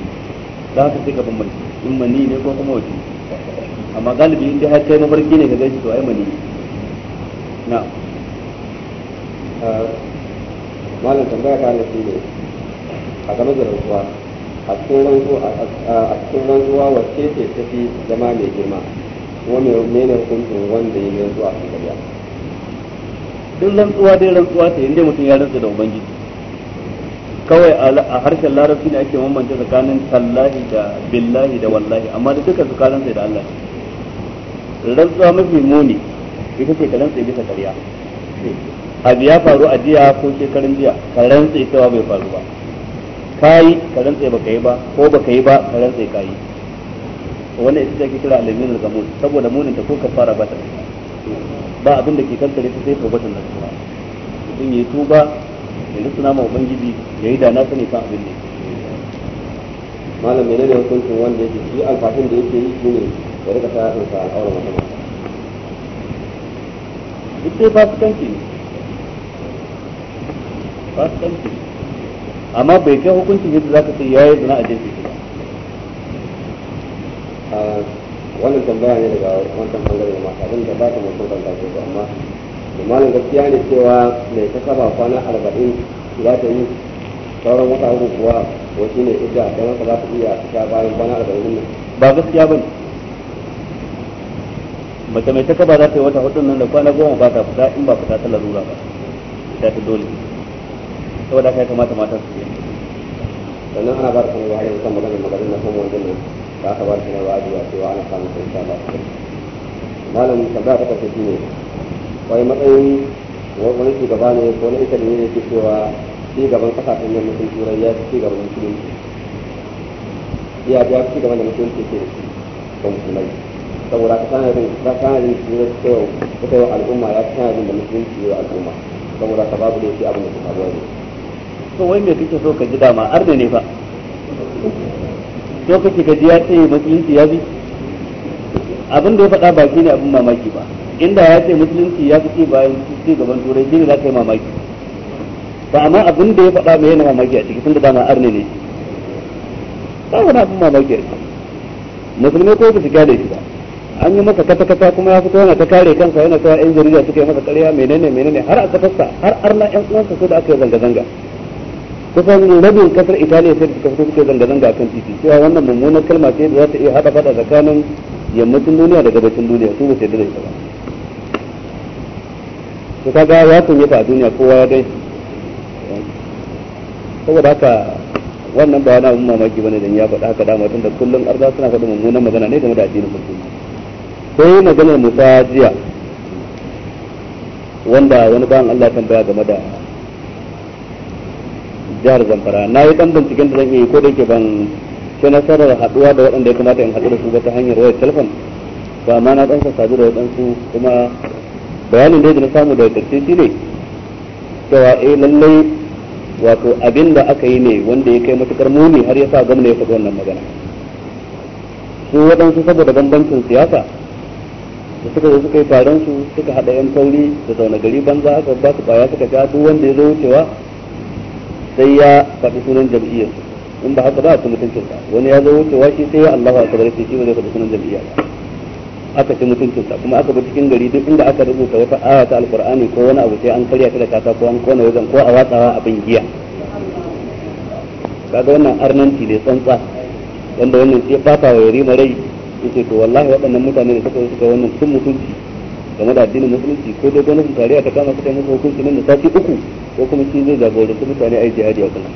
da haka sai ka bambanci in mani ne ko kuma wadi amma galibi in har kai mafarki ne ka gaisu to ai mani na ah, malam tambaya ka na ne a game da rantsuwa a cikin rantsuwa a cikin rantsuwa wacce ce tafi zama mai girma kuma mai ne hukuncin wanda ya rantsuwa a cikin gariya duk rantsuwa dai rantsuwa ta yi mutum ya rantsa da ubangiji kawai a harshen larabci ne ake mamanta tsakanin tallahi da billahi da wallahi amma da duka tsakanin sai da Allah ne rantsuwa mafi muni ita ce ka rantsa bisa ƙarya abu ya faru a jiya ko shekarun jiya ka rantsa cewa bai faru ba kayi ka rantsa baka yi ba ko baka yi ba ka rantsa kayi wannan ita ce ake kira alamin zamun saboda munin ta ko ka fara ba ta ba abin da ke kankare ta sai na tsuwa mutum yi tuba ya rusuna ma ubangiji yayi da na sani kan abin ne malam menene hukuncin wanda yake shi alfafin da yake yi shine bari ka sa in sa wata mata duk dai fasikanci ne fasikanci amma bai kai hukuncin yadda za ka ce ya yi zina a jefi ba wannan tambaya ne daga wancan bangare da mata abin da ba ta mutum ban dace ba amma malam gaskiya ne cewa mai ta saba kwana arba'in za ta yi sauran wata uku kuwa wasu ne idda don haka za ta iya ta bayan kwana arba'in ba gaskiya ba ne mace mai takaba za ta yi wata hudun nan da kwana goma ba ta fita in ba fita ta larura ba ta ta dole saboda haka ya kamata mata su yi sannan ana ba da sanarwa a yanzu kan maganin maganin na samun wajen nan ta aka ba da sanarwa a jiya cewa ana samun sai insha Allah malam tambaya ta karshe ne wai matsayin wani shugaba ne ko wani ita ne ke cewa shi gaban kasashen mutum turai ya fi gaban musulunci ya fi gaban da musulunci ke da shi ga musulmai saboda ka sanadin ka sanadin shi ne cewa al'umma ya fi da musulunci yi al'umma saboda ka babu da yake abin da suka to wai me kake so ka ji dama arne ne fa to kake ka ji ya ce musulunci ya bi abin da ya faɗa ba shi ne abin mamaki ba inda ya ce musulunci ya fi ci bayan ci gaban turai shi ne za ka yi mamaki ba amma abin da ya faɗa mai yana mamaki a ciki tun da dama arne ne ba wani abin mamaki a ciki musulmai ko ba su gane shi ba an yi masa kata kata kuma ya fito yana ta kare kansa yana cewa yan jarida suka yi masa karya menene menene har a kafarsa har arna yan uwansa su da aka yi zanga zanga kusan rabin kasar italiya sai suka fito suka zanga zanga kan titi cewa wannan mummunan kalma ce da za ta iya hada fada tsakanin yammacin duniya da gabacin duniya su ba sai da ita ba su kaga ya kunyata a duniya kowa ya dai saboda haka wannan ba wani abin mamaki bane dan ya faɗa haka dama tun da kullum arza suna faɗin mummunan magana ne game da addinin musulmi sai magana musa jiya wanda wani bayan Allah tambaya game da jihar zamfara na yi ɗan binciken da zan yi ko da yake ban ce nasarar haɗuwa da waɗanda ya kamata in haɗu da su ba ta hanyar wayar telefon ba ma na ɗan sadu da waɗansu kuma bayanin da na samu daga karshe shi ne cewa eh lallai wato abin da aka yi ne wanda ya kai matukar muni har ya sa gwamna ya faɗi wannan magana su waɗansu saboda bambancin siyasa da suka zo suka yi taron su suka hada yan tauri da zaune gari banza aka ba su kwaya suka ja duk wanda ya zo wucewa sai ya faɗi sunan jam'iyyar in ba haka ba a mutuncin ba wani ya zo wucewa shi sai ya Allahu akbar sai shi ba zai faɗi sunan jam'iyyar aka ci mutuncin sa kuma aka bi cikin gari duk inda aka rubuta wata aya ta alqur'ani ko wani abu sai an karya ta da ko an kona wajen ko a watsawa abin giya kaga wannan Arnanti ne tsantsa wanda wannan sai fata wa yari marai yace to wallahi waɗannan mutane da suka suka wannan sun mutunci game da addinin musulunci ko dai gwamnatin tarayya ta kama suka da musu hukunci nan da sati uku ko kuma shi zai jagoranci mutane yi jihadi a kuma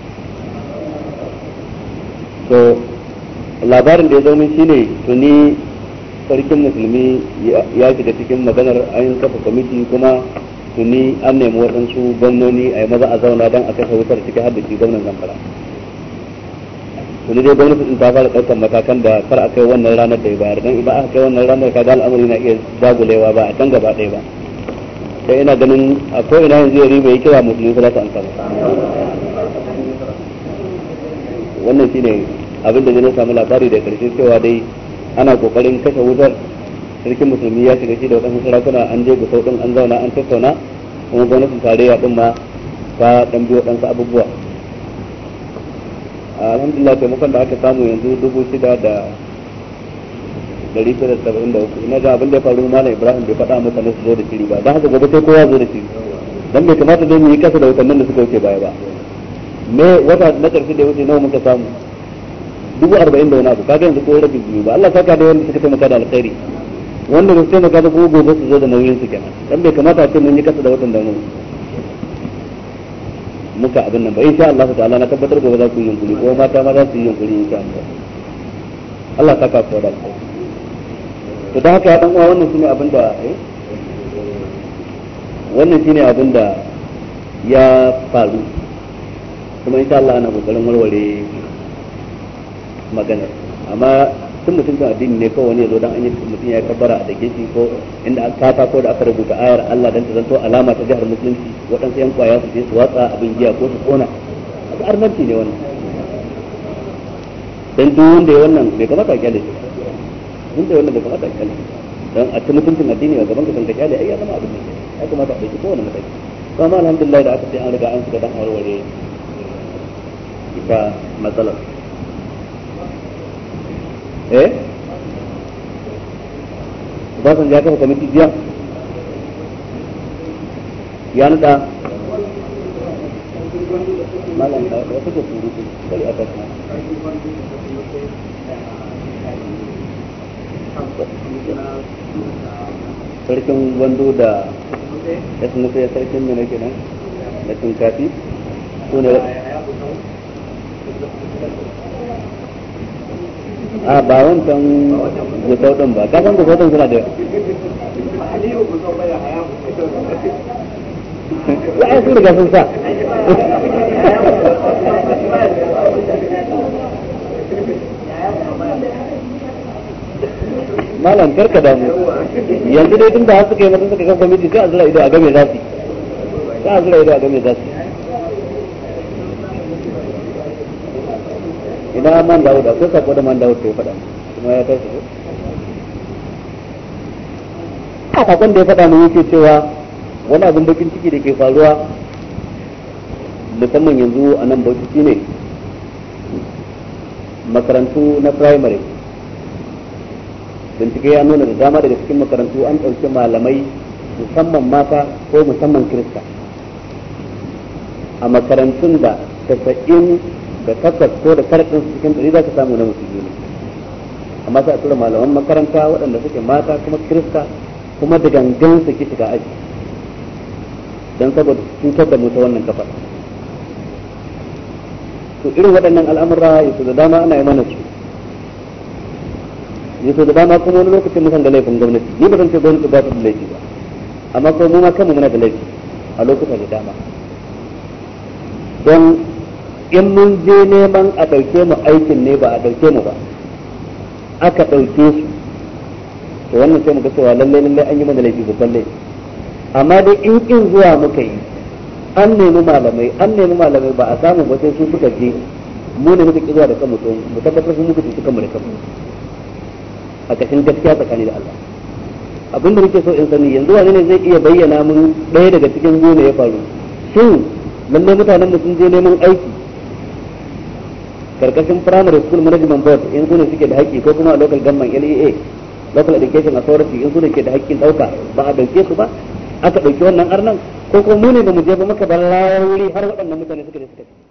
to labarin da ya zo shi ne tuni sarkin musulmi ya shiga cikin maganar ayin kafa kwamiti kuma tuni an nemi waɗansu gwamnoni a yi maza a zauna don a kashe wutar cikin haddaci gwamnan zamfara to dai gwamnati in ta fara ɗaukar matakan da kar a kai wannan ranar da ya bayar don ba a kai wannan ranar kaga al'amari na iya zagulewa ba a can gaba ɗaya ba sai ina ganin a ko ina yanzu ya riba ya kira musulmi za su amsa wannan shine abin da na samu labari da karshe cewa dai ana kokarin kashe wutar sarkin musulmi ya shiga shi da wadansu sarakuna an je gusau din an zauna an tattauna kuma gwamnatin tarayya din ma ta ɗan biyo wadansu abubuwa alhamdulillah taimakon da aka samu yanzu dubu shida da dari shida saba'in da uku ina ga abin da ya faru mala ibrahim bai faɗa mutane su zo da shiri ba don haka gobe sai kowa zo da shiri don bai kamata dai mu yi kasa da watannin da suka wuce baya ba me wata na ƙarshe da wuce nawa muka samu dubu arba'in da wani abu kaga yanzu ko rabin biyu ba Allah saka da wanda suka taimaka da alkhairi wanda ba su taimaka da gobe su zo da nauyin su kenan don bai kamata a ce mun yi kasa da watan da mu muka abin nan ba sha Allah ta'ala na tabbatar gobe za ku yi yunkuri ko mata ma za su yi yunkuri sha Allah Allah ta kafa da ku to da haka dan uwa wannan shine abin da eh? wannan shine abin da ya faru kuma insha Allah ana kokarin warware magana amma tun mutuncin addini ne kawai wani ya zo dan an yi mutum ya kabbara a dake shi ko inda an kata ko da aka rubuta ayar Allah dan ta zanto alama ta jihar musulunci waɗansu yan kwaya su je su watsa abin giya ko su kona haka arnanci ne wannan dan duk wanda ya wannan bai kamata a kyale shi duk da wannan bai kamata a kyale shi dan a cikin mutuncin addini ga gaban ka san ka kyale ai ya zama abin ne ya kamata a ɗauki kowane mataki kuma alhamdulillah da aka ce an riga an shiga dan warware ita matsalar eh basan ya kafa kwamiti biya ya nada da ya sarkin wando da ya sarkin mai nake nan da tunkafi su ne a ba wancan gusau din ba kasan gusau din suna da yawa ya ai sun riga sun sa malam karka damu yanzu dai tun da suka yi masa suka kan kwamiti sai a zura ido a game su sai a zura ido a game ina man dawo ko sako da man dawo ta faɗa kuma ya tashi a sakon da ya faɗa mu yake cewa wani abin bakin ciki da ke faruwa musamman yanzu a nan bauchi shine makarantu na primary bincike ya nuna da dama daga cikin makarantu an ɗauki malamai musamman mata ko musamman kirista a makarantun da tasa'in da takwas ko da tara ɗinsu cikin ɗari za ka samu na musulmi ne amma sai a tura malaman makaranta waɗanda suke mata kuma kirista kuma da gangan su ki shiga aji don saboda cutar da mutu wannan kafa to irin waɗannan al'amura yaso da dama ana yi mana su yaso da dama kuma wani lokacin mutan da laifin gwamnati ni ba zan ce gwamnati ba ta da laifi ba amma kuma mu ma kanmu muna da laifi a lokuta da dama don in mun je neman a ɗauke mu aikin ne ba a ɗauke mu ba aka ɗauke su to wannan sai ga cewa lalle lalle an yi mana laifi babban laifi amma dai in kin zuwa muka yi an nemi malamai an nemi malamai ba a samu ba sai su suka je mu ne muka zuwa da kanmu to mu tabbatar sun muka su kanmu da kanmu a kashin gaskiya tsakani da Allah abinda nake so in sani yanzu wani ne zai iya bayyana mun ɗaya daga cikin goma ya faru shin lalle mutanen mu sun je neman aiki karkashin primary school management board in su ne suke da haƙƙi ko kuma a local government LEA local education authority in su ne ke da haƙƙin ɗauka ba a ɗauke su ba aka ɗauki wannan arnan ko kuma mu ne ba mu je ba muka bar wuri har waɗannan mutane suka da suka ci